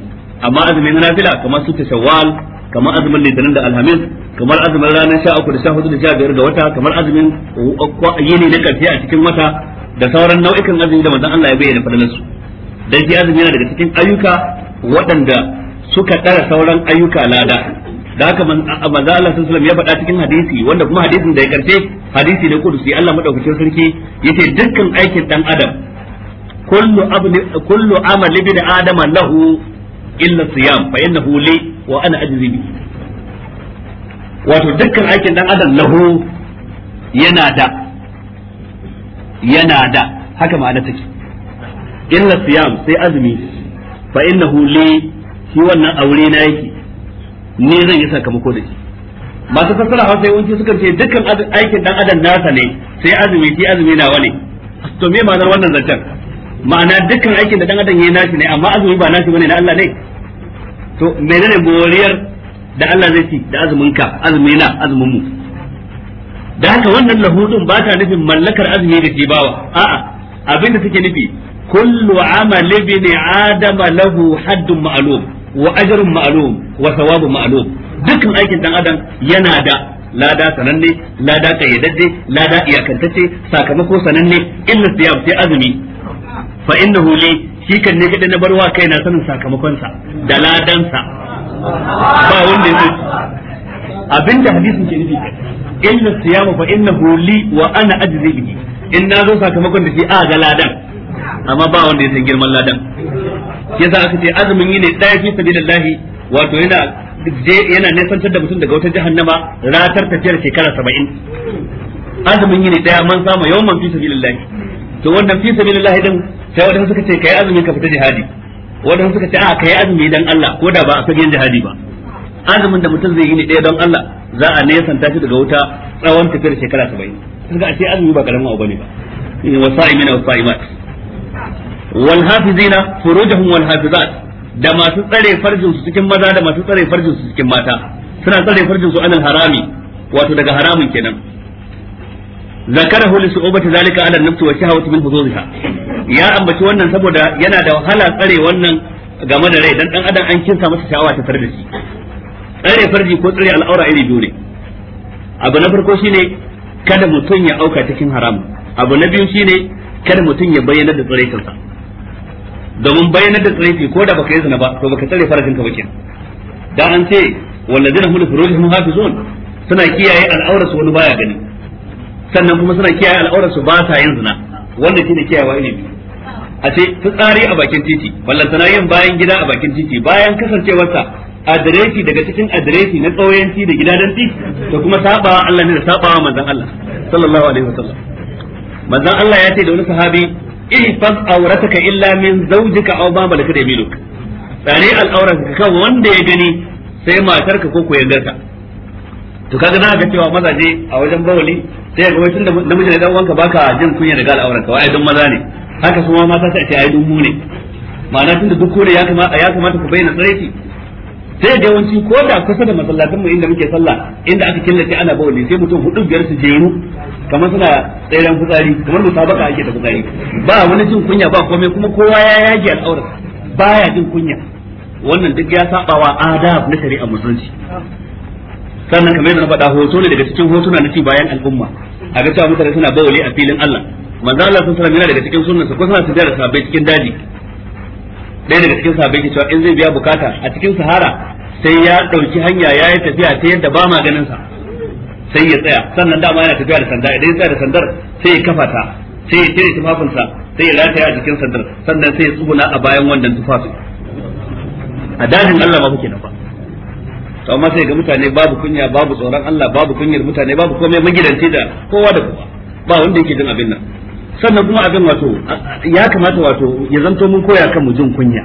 amma azumin na nafila kamar su tashawwal kamar azumin litinin da alhamis kamar azumin ranar sha uku da sha hudu da sha biyar ga wata kamar azumin uh, yini na karfe a cikin wata da sauran nau'ikan azumi da manzon Allah ya bayyana fadalar su dan shi azumi yana daga cikin ayyuka waɗanda suka tsara sauran ayyuka lada da haka maza Allah sallallahu ya faɗa cikin hadisi wanda kuma hadisin da ya karfe hadisi da kudusi Allah madaukakin sarki yace dukkan aikin dan adam kullu abli kullu amali bi adama lahu illa siyam fa innahu li wa ana ajzi bi wato dukkan aikin dan adam lahu yana da yana da haka ma'ana take illa siyam sai azumi fa innahu li shi wannan aure na yake ne zan yi sakamako da shi masu fassara hausa yawanci suka ce dukkan aikin dan adam nasa ne sai azumi shi azumi na wani to me ma'anar wannan zancen ma'ana dukkan aikin da dan adam yayi nashi ne amma azumi ba nashi bane na Allah ne to menene goriyar da Allah zai ci da azumin ka azumi na azumin mu da haka wannan lahudun ba ta nufin mallakar azumi da bawa a'a abin da take nufi kullu amal ibn adam lahu haddun ma'lum wa ajrun ma'lum wa thawabun ma'lum dukkan aikin dan adam yana da lada sananne lada kayyadadde lada iyakantacce sakamako sananne illa siyam sai azumi fa hu li shi kan ne kada na barwa kai na sanin sakamakon sa da ladan sa ba wanda yake abinda hadisin ke nufi inna siyama fa hu li wa ana ajzi bihi in na zo sakamakon da shi a ga ladan amma ba wanda ya san girman ladan yasa aka ce azumin yi ne daya fi sabilillahi wato yana yana nesantar da mutum daga wata jahannama ratar tafiyar shekara saba'in azumin yi ne daya man sama yawan man fi sabilillahi to wannan fi sabilillahi din sai wadanda suka ce kai azumi ka fita jihadi wadanda suka ce a kai azumi dan Allah ko da ba a fagen jihadi ba azumin da mutum zai yi ne ɗaya don Allah za a nesanta shi daga wuta tsawon tafiyar shekara 70 kaga a ce azumi ba karamin abu bane ba wa sa'imina wa sa'imat wal hafizina furujahum wal hafizat da masu tsare farjin su cikin maza da masu tsare farjin su cikin mata suna tsare farjin su anil harami wato daga haramun kenan zakarahu li su'ubati zalika ala nafsi wa shahawati min huzuziha ya ambaci wannan saboda yana da wahala tsare wannan game da rai dan dan adam an kinsa masa sha'awa ta tare da shi tsare farji ko tsare al'aura iri biyu ne abu na farko shine kada mutum ya auka cikin haram abu na biyu shine kada mutum ya bayyana da tsare kansa domin bayyana da tsare ko da baka yi zina ba to baka tsare farajin ka ba kenan da an ce walladina hum li furujihim hafizun suna kiyaye al'aurar su wani baya gani sannan kuma suna kiyaye al'aurar su ba sa yin zina wanda shine kiyayewa ilimi a ce fitsari a bakin titi ballantana yin bayan gida a bakin titi bayan kasancewarsa adireti daga cikin adireti na tsawayanci da gidajen titi da kuma sabawa Allah ne da sabawa manzon Allah sallallahu alaihi wasallam manzon Allah ya ce da wani sahabi ihfaz aurataka illa min zawjika aw ma malakat yaminuk tsare ka kan wanda ya gani sai matarka ko koyangarka to kaga na ga cewa mazaje a wajen bawali sai ga wajen da namiji ne dan uwanka baka jin kunya daga al'auranka wai dan maza ne haka kuma ma sai ce ai dumu ne ma'ana da duk kore ya kamata ya kamata ku bayyana tsareki sai da yawanci ko da kusa da masallatan mu inda muke sallah inda aka killace ana bawali sai mutum hudu biyar su jeru kamar suna tsairan fitsari kamar musabaka ake da fitsari ba wani jin kunya ba komai kuma kowa ya yage al'aurar baya jin kunya wannan duk ya sabawa adab na shari'a musulunci sannan kamar yadda na faɗa hoto ne daga cikin hotuna na ci bayan al'umma a ga cewa mutane suna bawali a filin Allah manzo Allah sun sallallahu yana daga cikin sunnansa ko suna tafiya da sahabbai cikin daji ɗaya daga cikin sahabbai ke cewa in zai biya bukata a cikin sahara sai ya ɗauki hanya ya yi tafiya ta yadda ba ma ganin sa sai ya tsaya sannan dama yana tafiya da sanda idan ya tsaya da sandar sai ya kafa ta sai ya cire tufafinsa sai ya rataya a jikin sandar sannan sai ya tsuguna a bayan wannan tufafin a dajin Allah ba kuke nafa to amma sai ga mutane babu kunya babu tsoron Allah babu kunyar mutane babu komai magidanci da kowa da kowa ba wanda yake jin abin nan sannan kuma abin wato ya kamata wato ya zanto mun koya kan mu jin kunya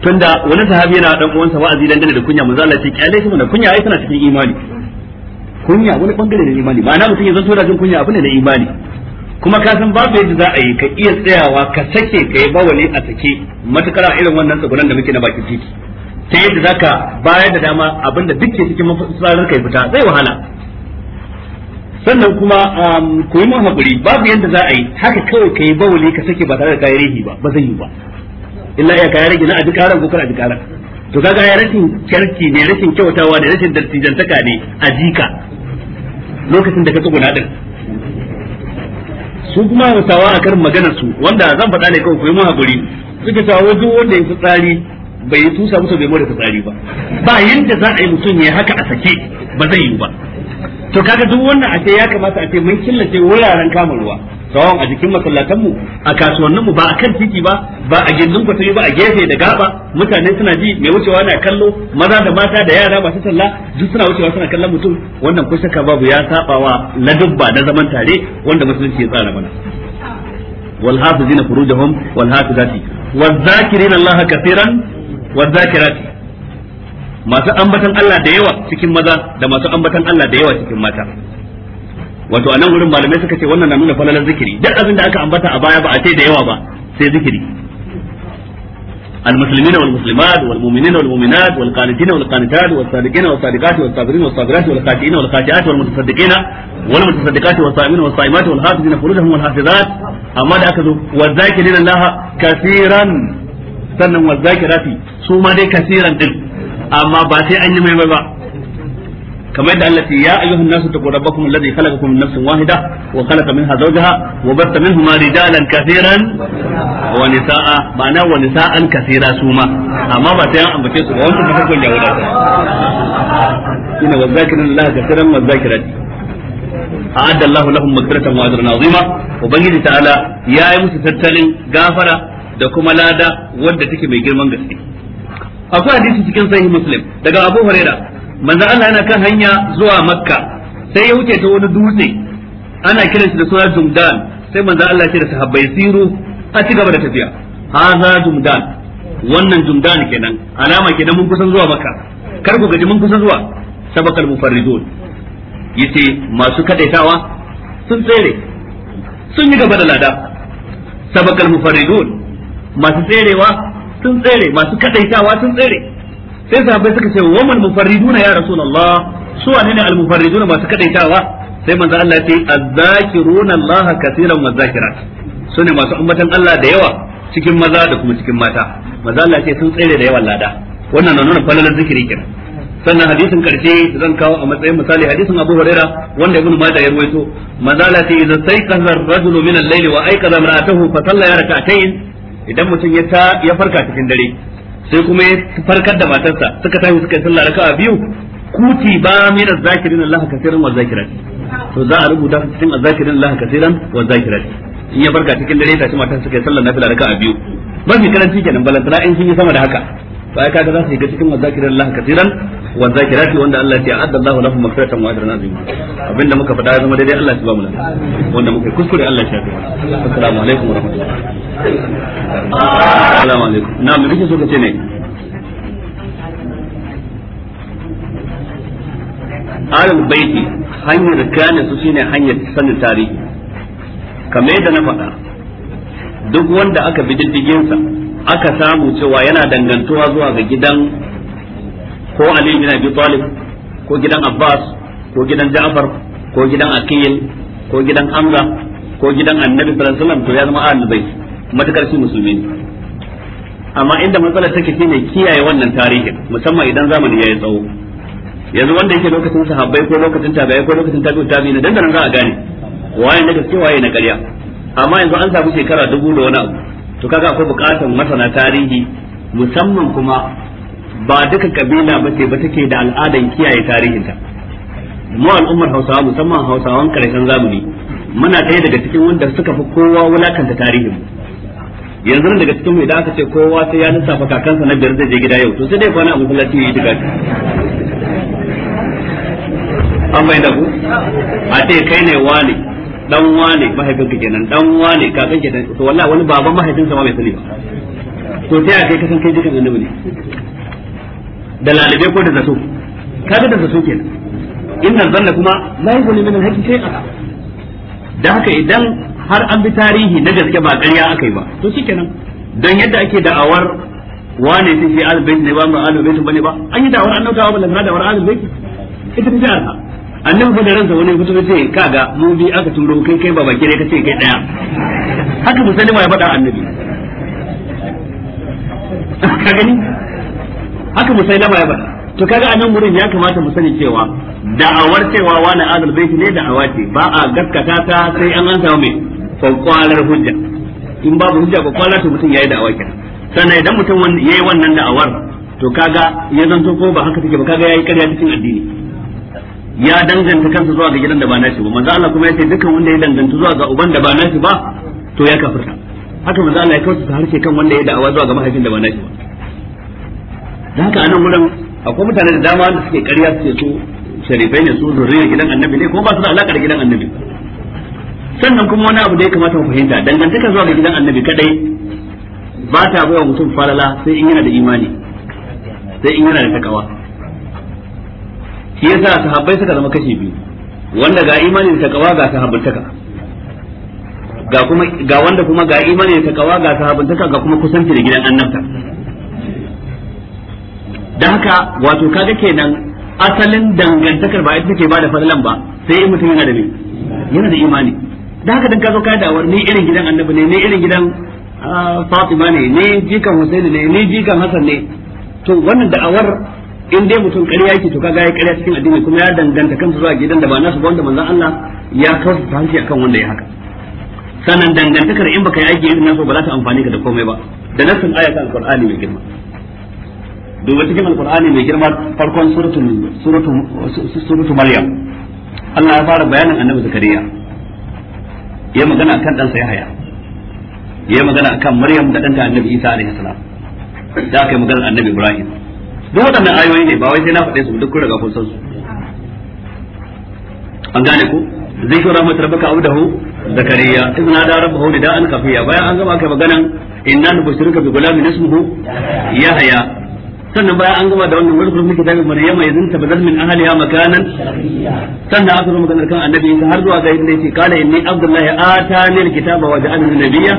tunda wani sahabi yana dan uwansa wa'azi dangane da kunya manzo Allah ya ce kyale shi mana kunya ai tana cikin imani kunya wani bangare ne imani ma'ana mutum ya zanto da jin kunya abu ne na imani kuma ka san babu yadda za a yi ka iya tsayawa ka sake ka yi bawali a sake matukar irin wannan tsagunan da muke na bakin titi ta yadda za ka bayar da dama abinda duk ke cikin mafitsarar kai fita zai wahala sannan kuma um, ku yi mun hakuri babu yadda za a yi haka kawai ka yi bawuli ka sake ba tare da kayan rihi ba ba zai yi ba illa ya kayan rihi na aji karan ko kar a karan to kaga ya rashin kyarki ne rashin kyautawa ne rashin dattijantaka ne a jika lokacin da ka tsuguna din su kuma hausawa a karin maganar su wanda zan faɗa ne kawai ku yi mun hakuri suka tawo duk wanda ya fi tsari bai tusa musu bai mora tsari ba ba yadda za a yi mutum ya haka a sake ba zai yi ba to kaga duk wannan a ce ya kamata a ce mun killace wuraren kama ruwa sawan a jikin masallatan mu a kasuwannin mu ba a kan titi ba ba a gindin kwatami ba a gefe da gaba mutane suna ji mai wucewa na kallo maza da mata da yara masu talla duk suna wucewa suna kallon mutum wannan ko shakka babu ya sabawa ladabba na zaman tare wanda musulunci ya tsara mana wal hafizina furujahum wal hafizati wal dhakirina allaha kaseeran wal dhakirati masu ambatan Allah da yawa cikin maza da masu ambatan Allah da yawa cikin mata wato anan wurin malamai suka ce wannan na nuna falalar zikiri duk abin da aka ambata a baya ba a ce da yawa ba sai zikiri المسلمين والمسلمات والمؤمنين والمؤمنات والقانتين والقانتات والصادقين والصادقات والصابرين والصابرات والخاشعين والخاشعات والمتصدقين والمتصدقات والصائمين والصائمات والحافظين فروجهم والحافظات أما ذاك والذاكرين الله كثيرا سنة والذاكرات ثم دي كثيرا دل amma ba sai an yi mai ba كما يدعى التي يا أيها الناس اتقوا ربكم الذي خلقكم من نفس واحدة وخلق منها زوجها وبث منهما رجالا كثيرا ونساء معناه ونساء كثيرا سوما أما بتيان أم بتيس وأنتم بتكون جاولا إن والذاكرين الله كثيرا والذاكرات أعد الله لهم مغفرة وأجرا عظيما وبنجي تعالى يا أيها المسلمين غافرة da kuma lada wadda take mai girman gaske akwai hadisi cikin sahih muslim daga abu huraira manzo Allah yana kan hanya zuwa makka sai ya wuce ta wani dutse ana kiran shi da suna jumdan sai manzo Allah ce da sahabbai siru a ci gaba da tafiya haza jumdan wannan jumdan kenan alama kenan mun kusan zuwa makka kar ku gaji mun kusan zuwa sabakal mufarridun yace masu kadaitawa sun tsere sun yi gaba da lada sabakal mufarridun masu tserewa sun tsere masu kadaitawa sun tsere sai sahabbai suka ce wa mal mufarriduna ya rasulullah su wane ne al mufarriduna masu kadaitawa sai manzo Allah ya ce azzakiruna Allah kaseeran wa zakirat ne masu ummatan Allah da yawa cikin maza da kuma cikin mata maza Allah ce sun tsere da yawan lada wannan na nuna falalar zikiri kenan sannan hadisin karshe zan kawo a matsayin misali hadisin Abu Huraira wanda Ibn Majah ya rawaito manzo Allah ce idan sai kazar rajulu min al-layli wa aykaza imra'atahu fa salla ya rak'atayn idan mutum ya ta ya farka cikin dare sai kuma ya farkar da matarsa suka tashi suka sallah raka'a biyu kuti ba min az-zakirin Allah kaseeran wa zakirat to za a rubuta su cikin az-zakirin Allah kaseeran wa zakirat in ya farka cikin dare ta matarsa suka sallah nafila raka'a biyu shi karanci kenan balantana in sun yi sama da haka fa ya kaga za su shiga cikin wazakirin Allah kasiran wa zakirati wanda Allah ya adda Allah lahum maghfiratan wa ajran azima abinda muka faɗa zama daidai Allah ya ba mu lafiya wanda muka kuskure Allah ya tafi assalamu alaikum wa rahmatullahi assalamu alaikum na me kike so ka ce ne alal baiti hanyar gane su shine hanyar sanin tarihi kamar yadda na faɗa duk wanda aka bi diddigin sa aka samu cewa yana dangantuwa zuwa ga gidan ko Ali bin Abi Talib ko gidan Abbas ko gidan Ja'far ko gidan Aqil ko gidan Amra ko gidan Annabi sallallahu alaihi wasallam to ya zama ahlul bait matakar su musulmi ne amma inda matsalar take ne kiyaye wannan tarihin musamman idan zamani ya yi tsawo yanzu wanda yake lokacin sahabbai ko lokacin tabi'ai ko lokacin tabi'ut da dan nan za a gane waye na gaske waye na ƙarya amma yanzu an samu shekara dubu da wani abu to kaga akwai bukatun masana tarihi musamman kuma ba duka kabila ba ce ba take da al'adan kiyaye tarihinta mu al'ummar hausawa musamman hausawan karshen zamani muna ɗaya daga cikin wanda suka fi kowa wulakanta tarihin yanzu daga cikin mu idan aka ce kowa sai ya lissafa kakansa na biyar zai je gida yau to sai dai kwana a masallaci ya yi diga an bai da ku a ce kai ne wani dan wane mahaifinka kenan dan wane kakan kenan to wallahi wani baban mahaifinsa ma bai sani ba to ta kai kasan kai dukan annabi ne da lalibe ko da zato kaga da zato kenan inna zanna kuma la yuzni min al-haqi shay'a da haka idan har an bi tarihi na gaske ba ƙarya akai ba to shikenan dan yadda ake da'awar wane sai shi al ne ba mu al-bayt bane ba an yi da'awar annabawa ba da'awar al-bayt ita ta jihar annabi fa da ransa wani fito ce kaga mu bi aka turo kai kai baba gire kace kai daya haka musalima ya faɗa annabi ka gani haka musalima ya faɗa to kaga anan wurin ya kamata mu sani cewa da'awar cewa wani adal baiti ne da'awa ce ba a gaskata ta sai an an samu mai kwakwalar hujja in babu hujja kwala to mutum yayi da'awa kenan sannan idan mutum yayi wannan da'awar to kaga ya zanto ko ba haka take ba kaga yayi karya cikin addini ya danganta kansa zuwa ga gidan da ba nashi ba manzo Allah kuma yace dukkan wanda ya danganta zuwa ga uban da ba nashi ba to ya kafirta haka manzo Allah ya kausa harshe kan wanda ya da'awa zuwa ga mahaifin da ba nashi ba dan haka anan gurin akwai mutane da dama wanda suke ƙarya suke so sharifai ne su zuriyar gidan annabi ne kuma ba su da alaka da gidan annabi sannan kuma wani abu da ya kamata mu fahimta dangantaka zuwa ga gidan annabi kadai ba ta bayar mutum falala sai in yana da imani sai in yana da takawa shi yasa sahabbai suka zama kashi biyu wanda ga imani da takawa ga sahabbantaka ga kuma ga wanda kuma ga imani takawa ga sahabbantaka ga kuma kusanci da gidan annabta da haka wato kaga kenan asalin dangantakar ba ita take bada fadalan ba sai mutum yana da me yana da imani da haka dan ka zo ka da wani irin gidan annabi ne ne irin gidan ah, Fatima ne ne jikan Husaini ne ne jikan Hassan ne to wannan da'awar in dai mutum ƙarya yake to kaga ya ƙarya cikin addini kuma ya danganta kansa zuwa gidan da ba nasu ba wanda manzon Allah ya kawo ta hanci akan wanda ya haka sannan dangantakar in baka yi aiki irin nasu ba za ta amfani ka da komai ba da nasin ayatan alqur'ani mai girma duba cikin alqur'ani mai girma farkon suratul suratul suratul maryam Allah ya fara bayanin annabi zakariya ya magana akan dan sa yahaya ya magana akan maryam da danta annabi isa alaihi salam da aka yi magana annabi ibrahim duk waɗannan ayoyi ne ba wai sai na faɗe su duk kun riga kun san su an gane ku zikru rahmat rabbika abdahu zakariya idna da rabbahu an kafiya bayan an gama kai maganan inna nubashiruka bi gulamin ismuhu yahya sannan baya an gama da wannan wani kuma kitabi maryama idan ta bazal min ahliha makanan sannan aka zo maganar kan annabi Isa har zuwa ga inda yake kala inni abdullahi atani alkitaba wa ja'alni nabiyya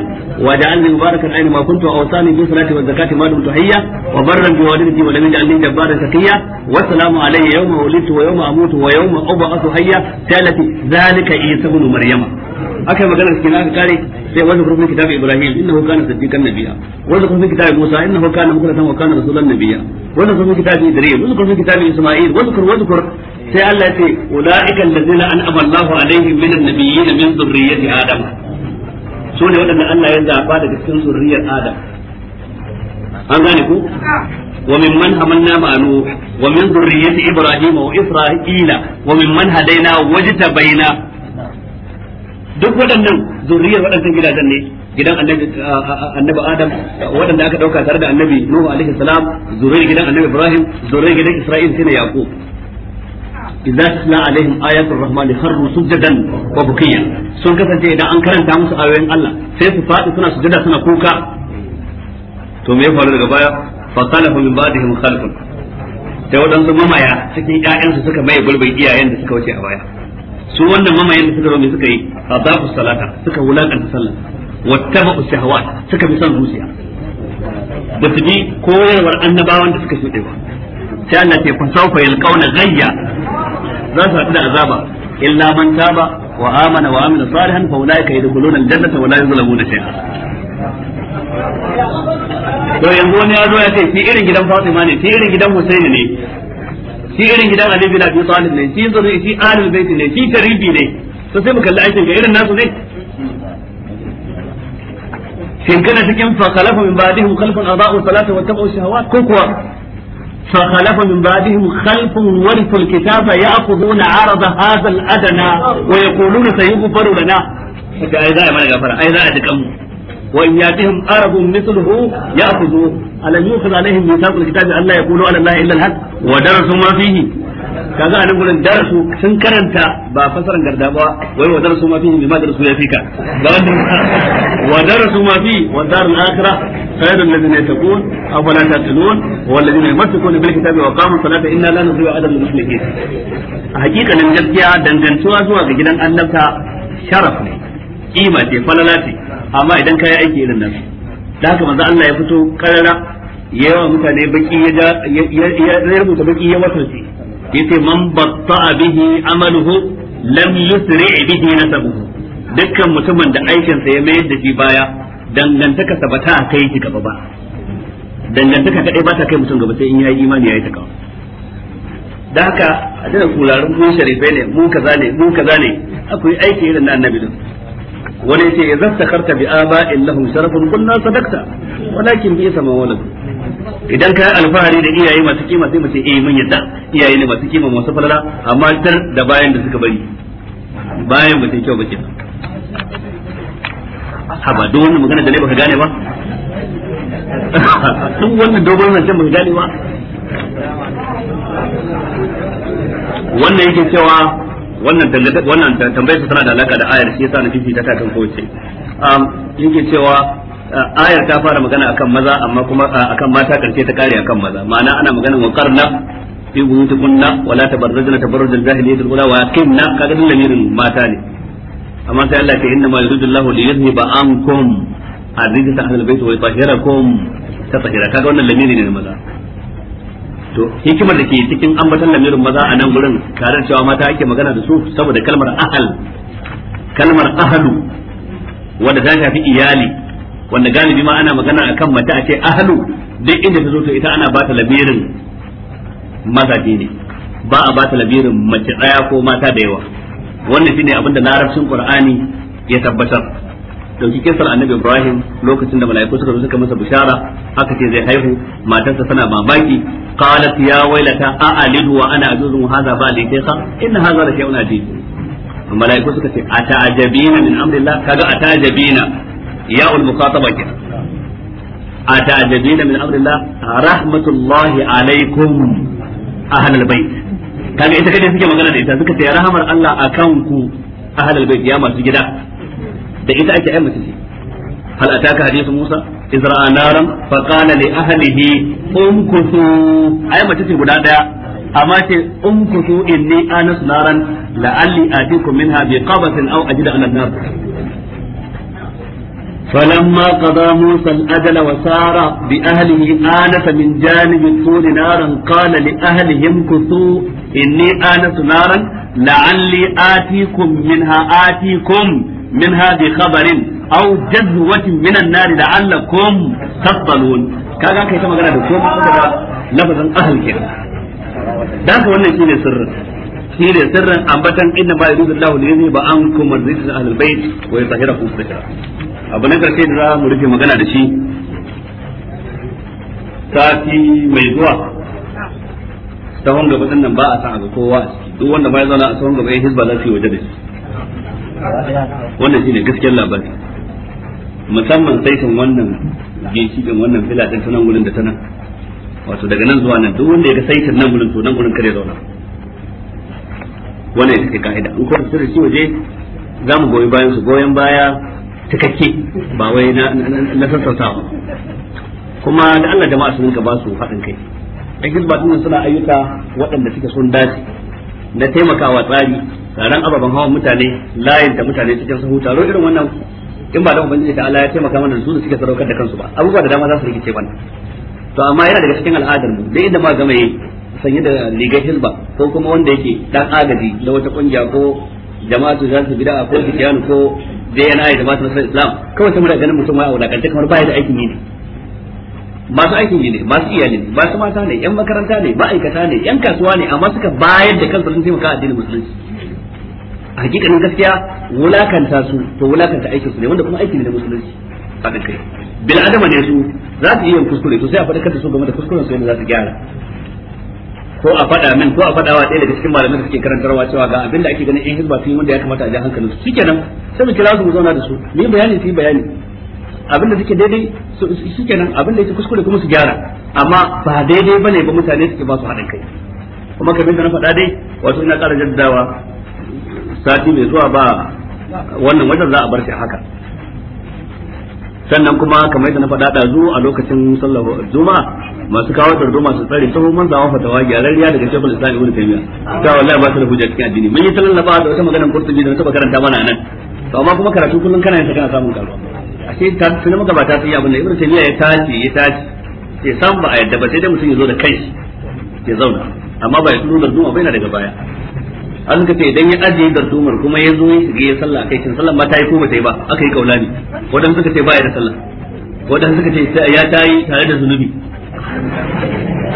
wa ja'alni mubarakan aina ma kuntu awsani bi salati wa zakati ma dumtu hayya wa barran bi walidati wa lam yaj'alni jabbaran shaqiyya wa salamu alayya yawma wulidtu wa yawma amutu wa yawma ub'athu hayya talati zalika Isa ibn maryama aka yi magana cikin aka kare sai wanda kuma Ibrahim kana nabiyya kuma Musa kana mukallatan wa kana rasulan nabiyya kuma Idris kuma Isma'il kuma sai Allah ce ulaika allazina an'ama Allahu alaihim minan nabiyyin min Adam ne Allah ya zaba daga cikin zurriyar Adam an gane ku حملنا مع نوح ومن ذرية إبراهيم وإسرائيل هدينا واجتبينا duk waɗannan zuriyar waɗannan gidajen ne gidan annabi adam waɗanda aka ɗauka tare da annabi nuhu alaihi salam zuriyar gidan annabi ibrahim zuriyar gidan isra'il shine yaqub idza tla alaihim ayatul rahmani kharru sujadan wa bukiya sun kasance idan an karanta musu ayoyin Allah sai su faɗi suna sujada suna kuka to me ya faru daga baya fa khalafu min ba'dihim khalfun sai waɗansu mamaya cikin ƴaƴansu suka mai gulbin iyayen da suka wuce a baya su wannan mamayen da suka zo mai suka yi azafu salata suka wulakanta sallah wattaba shahawat suka bi son zuciya ba su bi koyarwar annabawan da suka shuɗe ba sai Allah ce fa sawfa yalqauna ghayya za su haɗu da azaba illa man taba wa amana wa amila salihan fa ulaika yadkhuluna aljannata wa la yuzlamuna shay'a to yanzu wani ya zo ya ce shi irin gidan Fatima ne shi irin gidan Husaini ne shi garin gidan Ali bin Abi Talib ne shi zo shi Ahlul Bait ne shi Karibi ne to sai mu kalli aikin ka irin nasu ne shin kana cikin fa khalafa min ba'dihim khalfun adaa'u salata wa tabu shahawat ko kuwa fa khalafa min ba'dihim khalfun warithul kitaba ya'khuduna 'arada hadha al-adna wa yaquluna sayughfaru lana kaga ai za a mana gafara ai za a dukan mu وإن يأتهم أرب مثله يأخذوه ألم يؤخذ عليهم ميثاق الكتاب أن لا يقولوا على الله إلا الحق wa darasu ma fihi kaga anan gurin darasu sun karanta ba fasaran garda wai wa darasu ma fihi bima darasu ya fika wa darasu ma fihi wa darul akhirah khairul ladina yattaqun aw la taqilun wal ladina bil kitabi wa qamu salata inna la nudhi'u ajra al muslimin hakikanin gaskiya dangantuwa zuwa ga gidan annabta sharaf ne kima ce falala ce amma idan kai aiki irin nan da haka manzo Allah ya fito karara yawa mutane baki ya rubuta baki ya wasarci yace man batta bihi amaluhu lam yusri bihi nasabuhu dukkan mutumin da aikinsa ya mayar da shi baya dangantaka sa bata kai shi gaba ba dangantaka kadai ba kai mutum gaba sai in yayi imani yayi takawa da haka a dana kularin mu sharifai ne mu kaza ne mu kaza ne akwai aiki irin na annabi din wani yace idza takarta bi aba'in lahum sharafun qulna sadaqta walakin bi sama walad idan kai alfahari da iyaye masu kima sai mace eh mun yadda iyaye ne masu kima masu falala amma tar da bayan da suka bari bayan ba ta kyau bace ke haba duk wannan magana da ne baka gane ba duk wannan dogon can baka gane ba wannan yake cewa wannan wannan tambayar tana da alaka da ayar shi yasa na fifita ta kan kowace yake cewa ayar ta fara magana akan maza amma kuma akan mata karshe ta kare akan maza ma'ana ana magana wa karna fi buyutikunna kunna wala tabarrajna tabarrujal al ula wa aqimna kaga lamirin mata ne amma sai Allah ta inna ma yuridu Allahu li yadhhiba ankum ahli al-bayt wa yutahhirakum tatahira kaga wannan lamiri ne maza to hikimar da ke cikin ambatan lamirin maza a nan gurin karar cewa mata ake magana da su saboda kalmar ahal kalmar ahalu wanda ta shafi iyali wanda galibi ma ana magana akan mace a ce ahlu duk inda ta zo to ita ana bata labirin mazaje ne ba a bata labirin mace daya ko mata da yawa wannan shine abin da larabcin qur'ani ya tabbatar dauki kisar annabi ibrahim lokacin da mala'iku suka zo suka masa bishara aka ce zai haihu matarsa tana mamaki qalat ya wailata a'alidu wa ana ajuzun hadha ba li kaysa inna hadha la shay'un ajib mala'iku suka ce ata'ajabina min amrillah kaga ata'ajabina ya'ul mukhataba kenan atajabina min amrillah rahmatullahi alaikum ahlal bait kaga ita kadai suke magana da ita suka ce rahamar Allah akan ku ahlal bait ya masu gida da ita ake ai mutunci hal ataka hadithu Musa izra naran fa qala li ahlihi umkusu ai mutunci guda ɗaya. amma ce umkusu inni anas naran la'alli atikum minha biqabatin aw ajida an nar فلما قضى موسى الأجل وسار بأهله آنس من جانب الطول نارا قال لأهلهم كثوا إني آنس نارا لعلي آتيكم منها آتيكم منها بخبر أو جذوة من النار لعلكم تصطلون كذا كيف ما قال دكتور لفظا أهل كده ذاك wannan shine sirrin shi ne sirrin ambatan inna ma yuridu Allahu li yuzhiba ankum ar-rijsa ahlal bayt wa yutahhirakum tathira abu na karshe da za mu rufe magana da shi sati mai zuwa sahun gaba nan ba a san abu kowa a ciki duk wanda ba ya zauna a sahun gaba ya hizba za su yi waje da shi wannan ne gaskiyar labari musamman saitin wannan ginshi wannan filatin ta nan wurin da ta nan wato daga nan zuwa nan duk wanda ya ga saitin nan wurin to nan wurin kare zauna wannan ita ce ka'ida in kuma su shi waje za mu goyi bayan su goyon baya cikakke ba wai na ba kuma da Allah jama'a su rinka ba su haɗin kai ɗan hizba ɗin suna ayyuka waɗanda suke sun dace na taimakawa tsari taron ababen hawan mutane layin da mutane cikin sahu taro irin wannan in ba da ubangiji da Allah ya taimaka mana su da suke sadaukar da kansu ba abubuwa da dama za su rikice bana to amma yana daga cikin al'adar mu da inda ma yi sanye da rigar hizba ko kuma wanda yake dan agaji da wata kungiya ko jama'atu za su bid'a ko kiyanu ko DNA da masu nasarar Islam kawai sai muna ganin mutum wai a kanta kamar baya da aikin yi ne masu aikin yi ne masu iyali ne masu mata ne yan makaranta ne ma'aikata ne yan kasuwa ne amma suka bayar da kansu don taimaka addinin musulunci a hakikanin gaskiya wulakanta su to wulakanta aikin su ne wanda kuma aiki ne da musulunci a kai bil adama ne su za su yi yin kuskure to sai a faɗakar kanta su game da kuskuren su yadda za su gyara ko a faɗa min ko a faɗa wa ɗaya daga cikin malamai da suke karantarwa cewa ga abin da ake ganin in hizba sun yi wanda ya kamata a ji hankalin su shikenan sai mu kira su mu zauna da su ni bayani su yi bayani abin da suke daidai shikenan abin da yake kuskure kuma su gyara amma ba daidai bane ba mutane suke ba su haɗin kai kuma kamar da na faɗa dai wato ina ƙara jaddawa sati mai zuwa ba wannan wajen za a bar shi haka sannan kuma kamar yadda na faɗa da zu a lokacin sallar juma'a masu kawo tarduma su tsare sahu man zawa fatawa gyararriya daga shekul islam ibnu taymiya ta wallahi ba su da hujja cikin addini mun yi sallar laba da wata maganar kurtubi da taba karanta mana nan to amma kuma karatu kullun kana yin ta kana samun karuwa ashe ta tuna maka ba ta yi abin da ibnu taymiya ya tashi ya tashi sai san ba a yadda ba sai dai mutum ya zo da kai ya zauna amma ba ya turo da duma bai na daga baya an ka ce idan ya ajiye dardumar kuma ya zo ya shiga ya sallah kai kin sallah ba ta yi ko ba ta yi ba aka yi kaulani wadan suka ce ba ya da sallah wadan suka ce ya ta yi tare da zunubi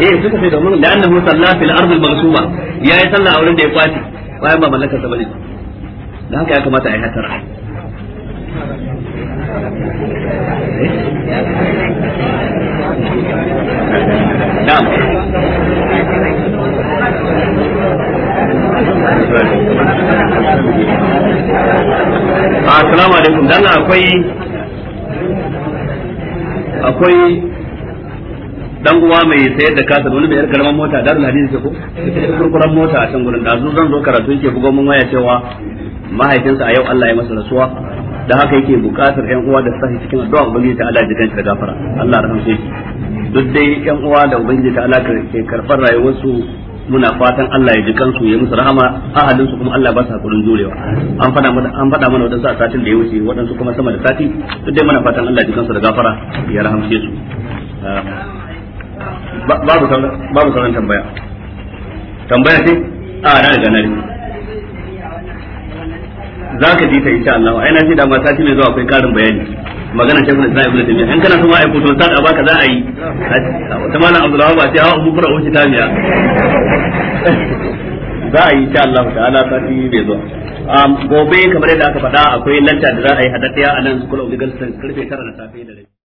eh suka ce domin da alaihi wasallam fil ardi maghsuba ya yi sallah a wurin da ya kwace bayan ba mallaka ta bane da haka ya kamata a yi hatara eh? na'am Ah, assalamu alaikum dan akwai akwai dan uwa mai sayar da kasar wani mai yar karaman mota darul hadisi ko kurkuran mota a can gurin dazu zan zo karatu yake bugo mun waya cewa mahaifinsa a yau Allah ya masa rasuwa da haka yake bukatar yan uwa da sahi cikin addu'a ubangiji ta Allah jikan da gafara Allah ya rahmshe duk dai yan uwa da ubangiji ta Allah ke karfar su. muna fatan Allah ya ji kansu ya musu rahama ahalin su kuma Allah ba su hakurin jurewa an fada mana an fada mana wadansu a satin da ya wuce wadansu kuma sama da sati duk dai muna fatan Allah ya ji kansu da gafara ya rahamce su babu babu sauran tambaya tambaya ce a na riga nan za ka ji ta insha Allah ai na ji da ma sati mai zuwa kai karin bayani magana shekul islam ibnu taymiya in kana so ma ai foto sai a baka za a yi wata malam abdullahi ba sai hawa bukura wuce ta miya za a yi insha Allah ta'ala sati bai zo gobe kamar yadda aka faɗa akwai lanta da za a yi hadaddiya a nan school of legal science karfe 9 na safe da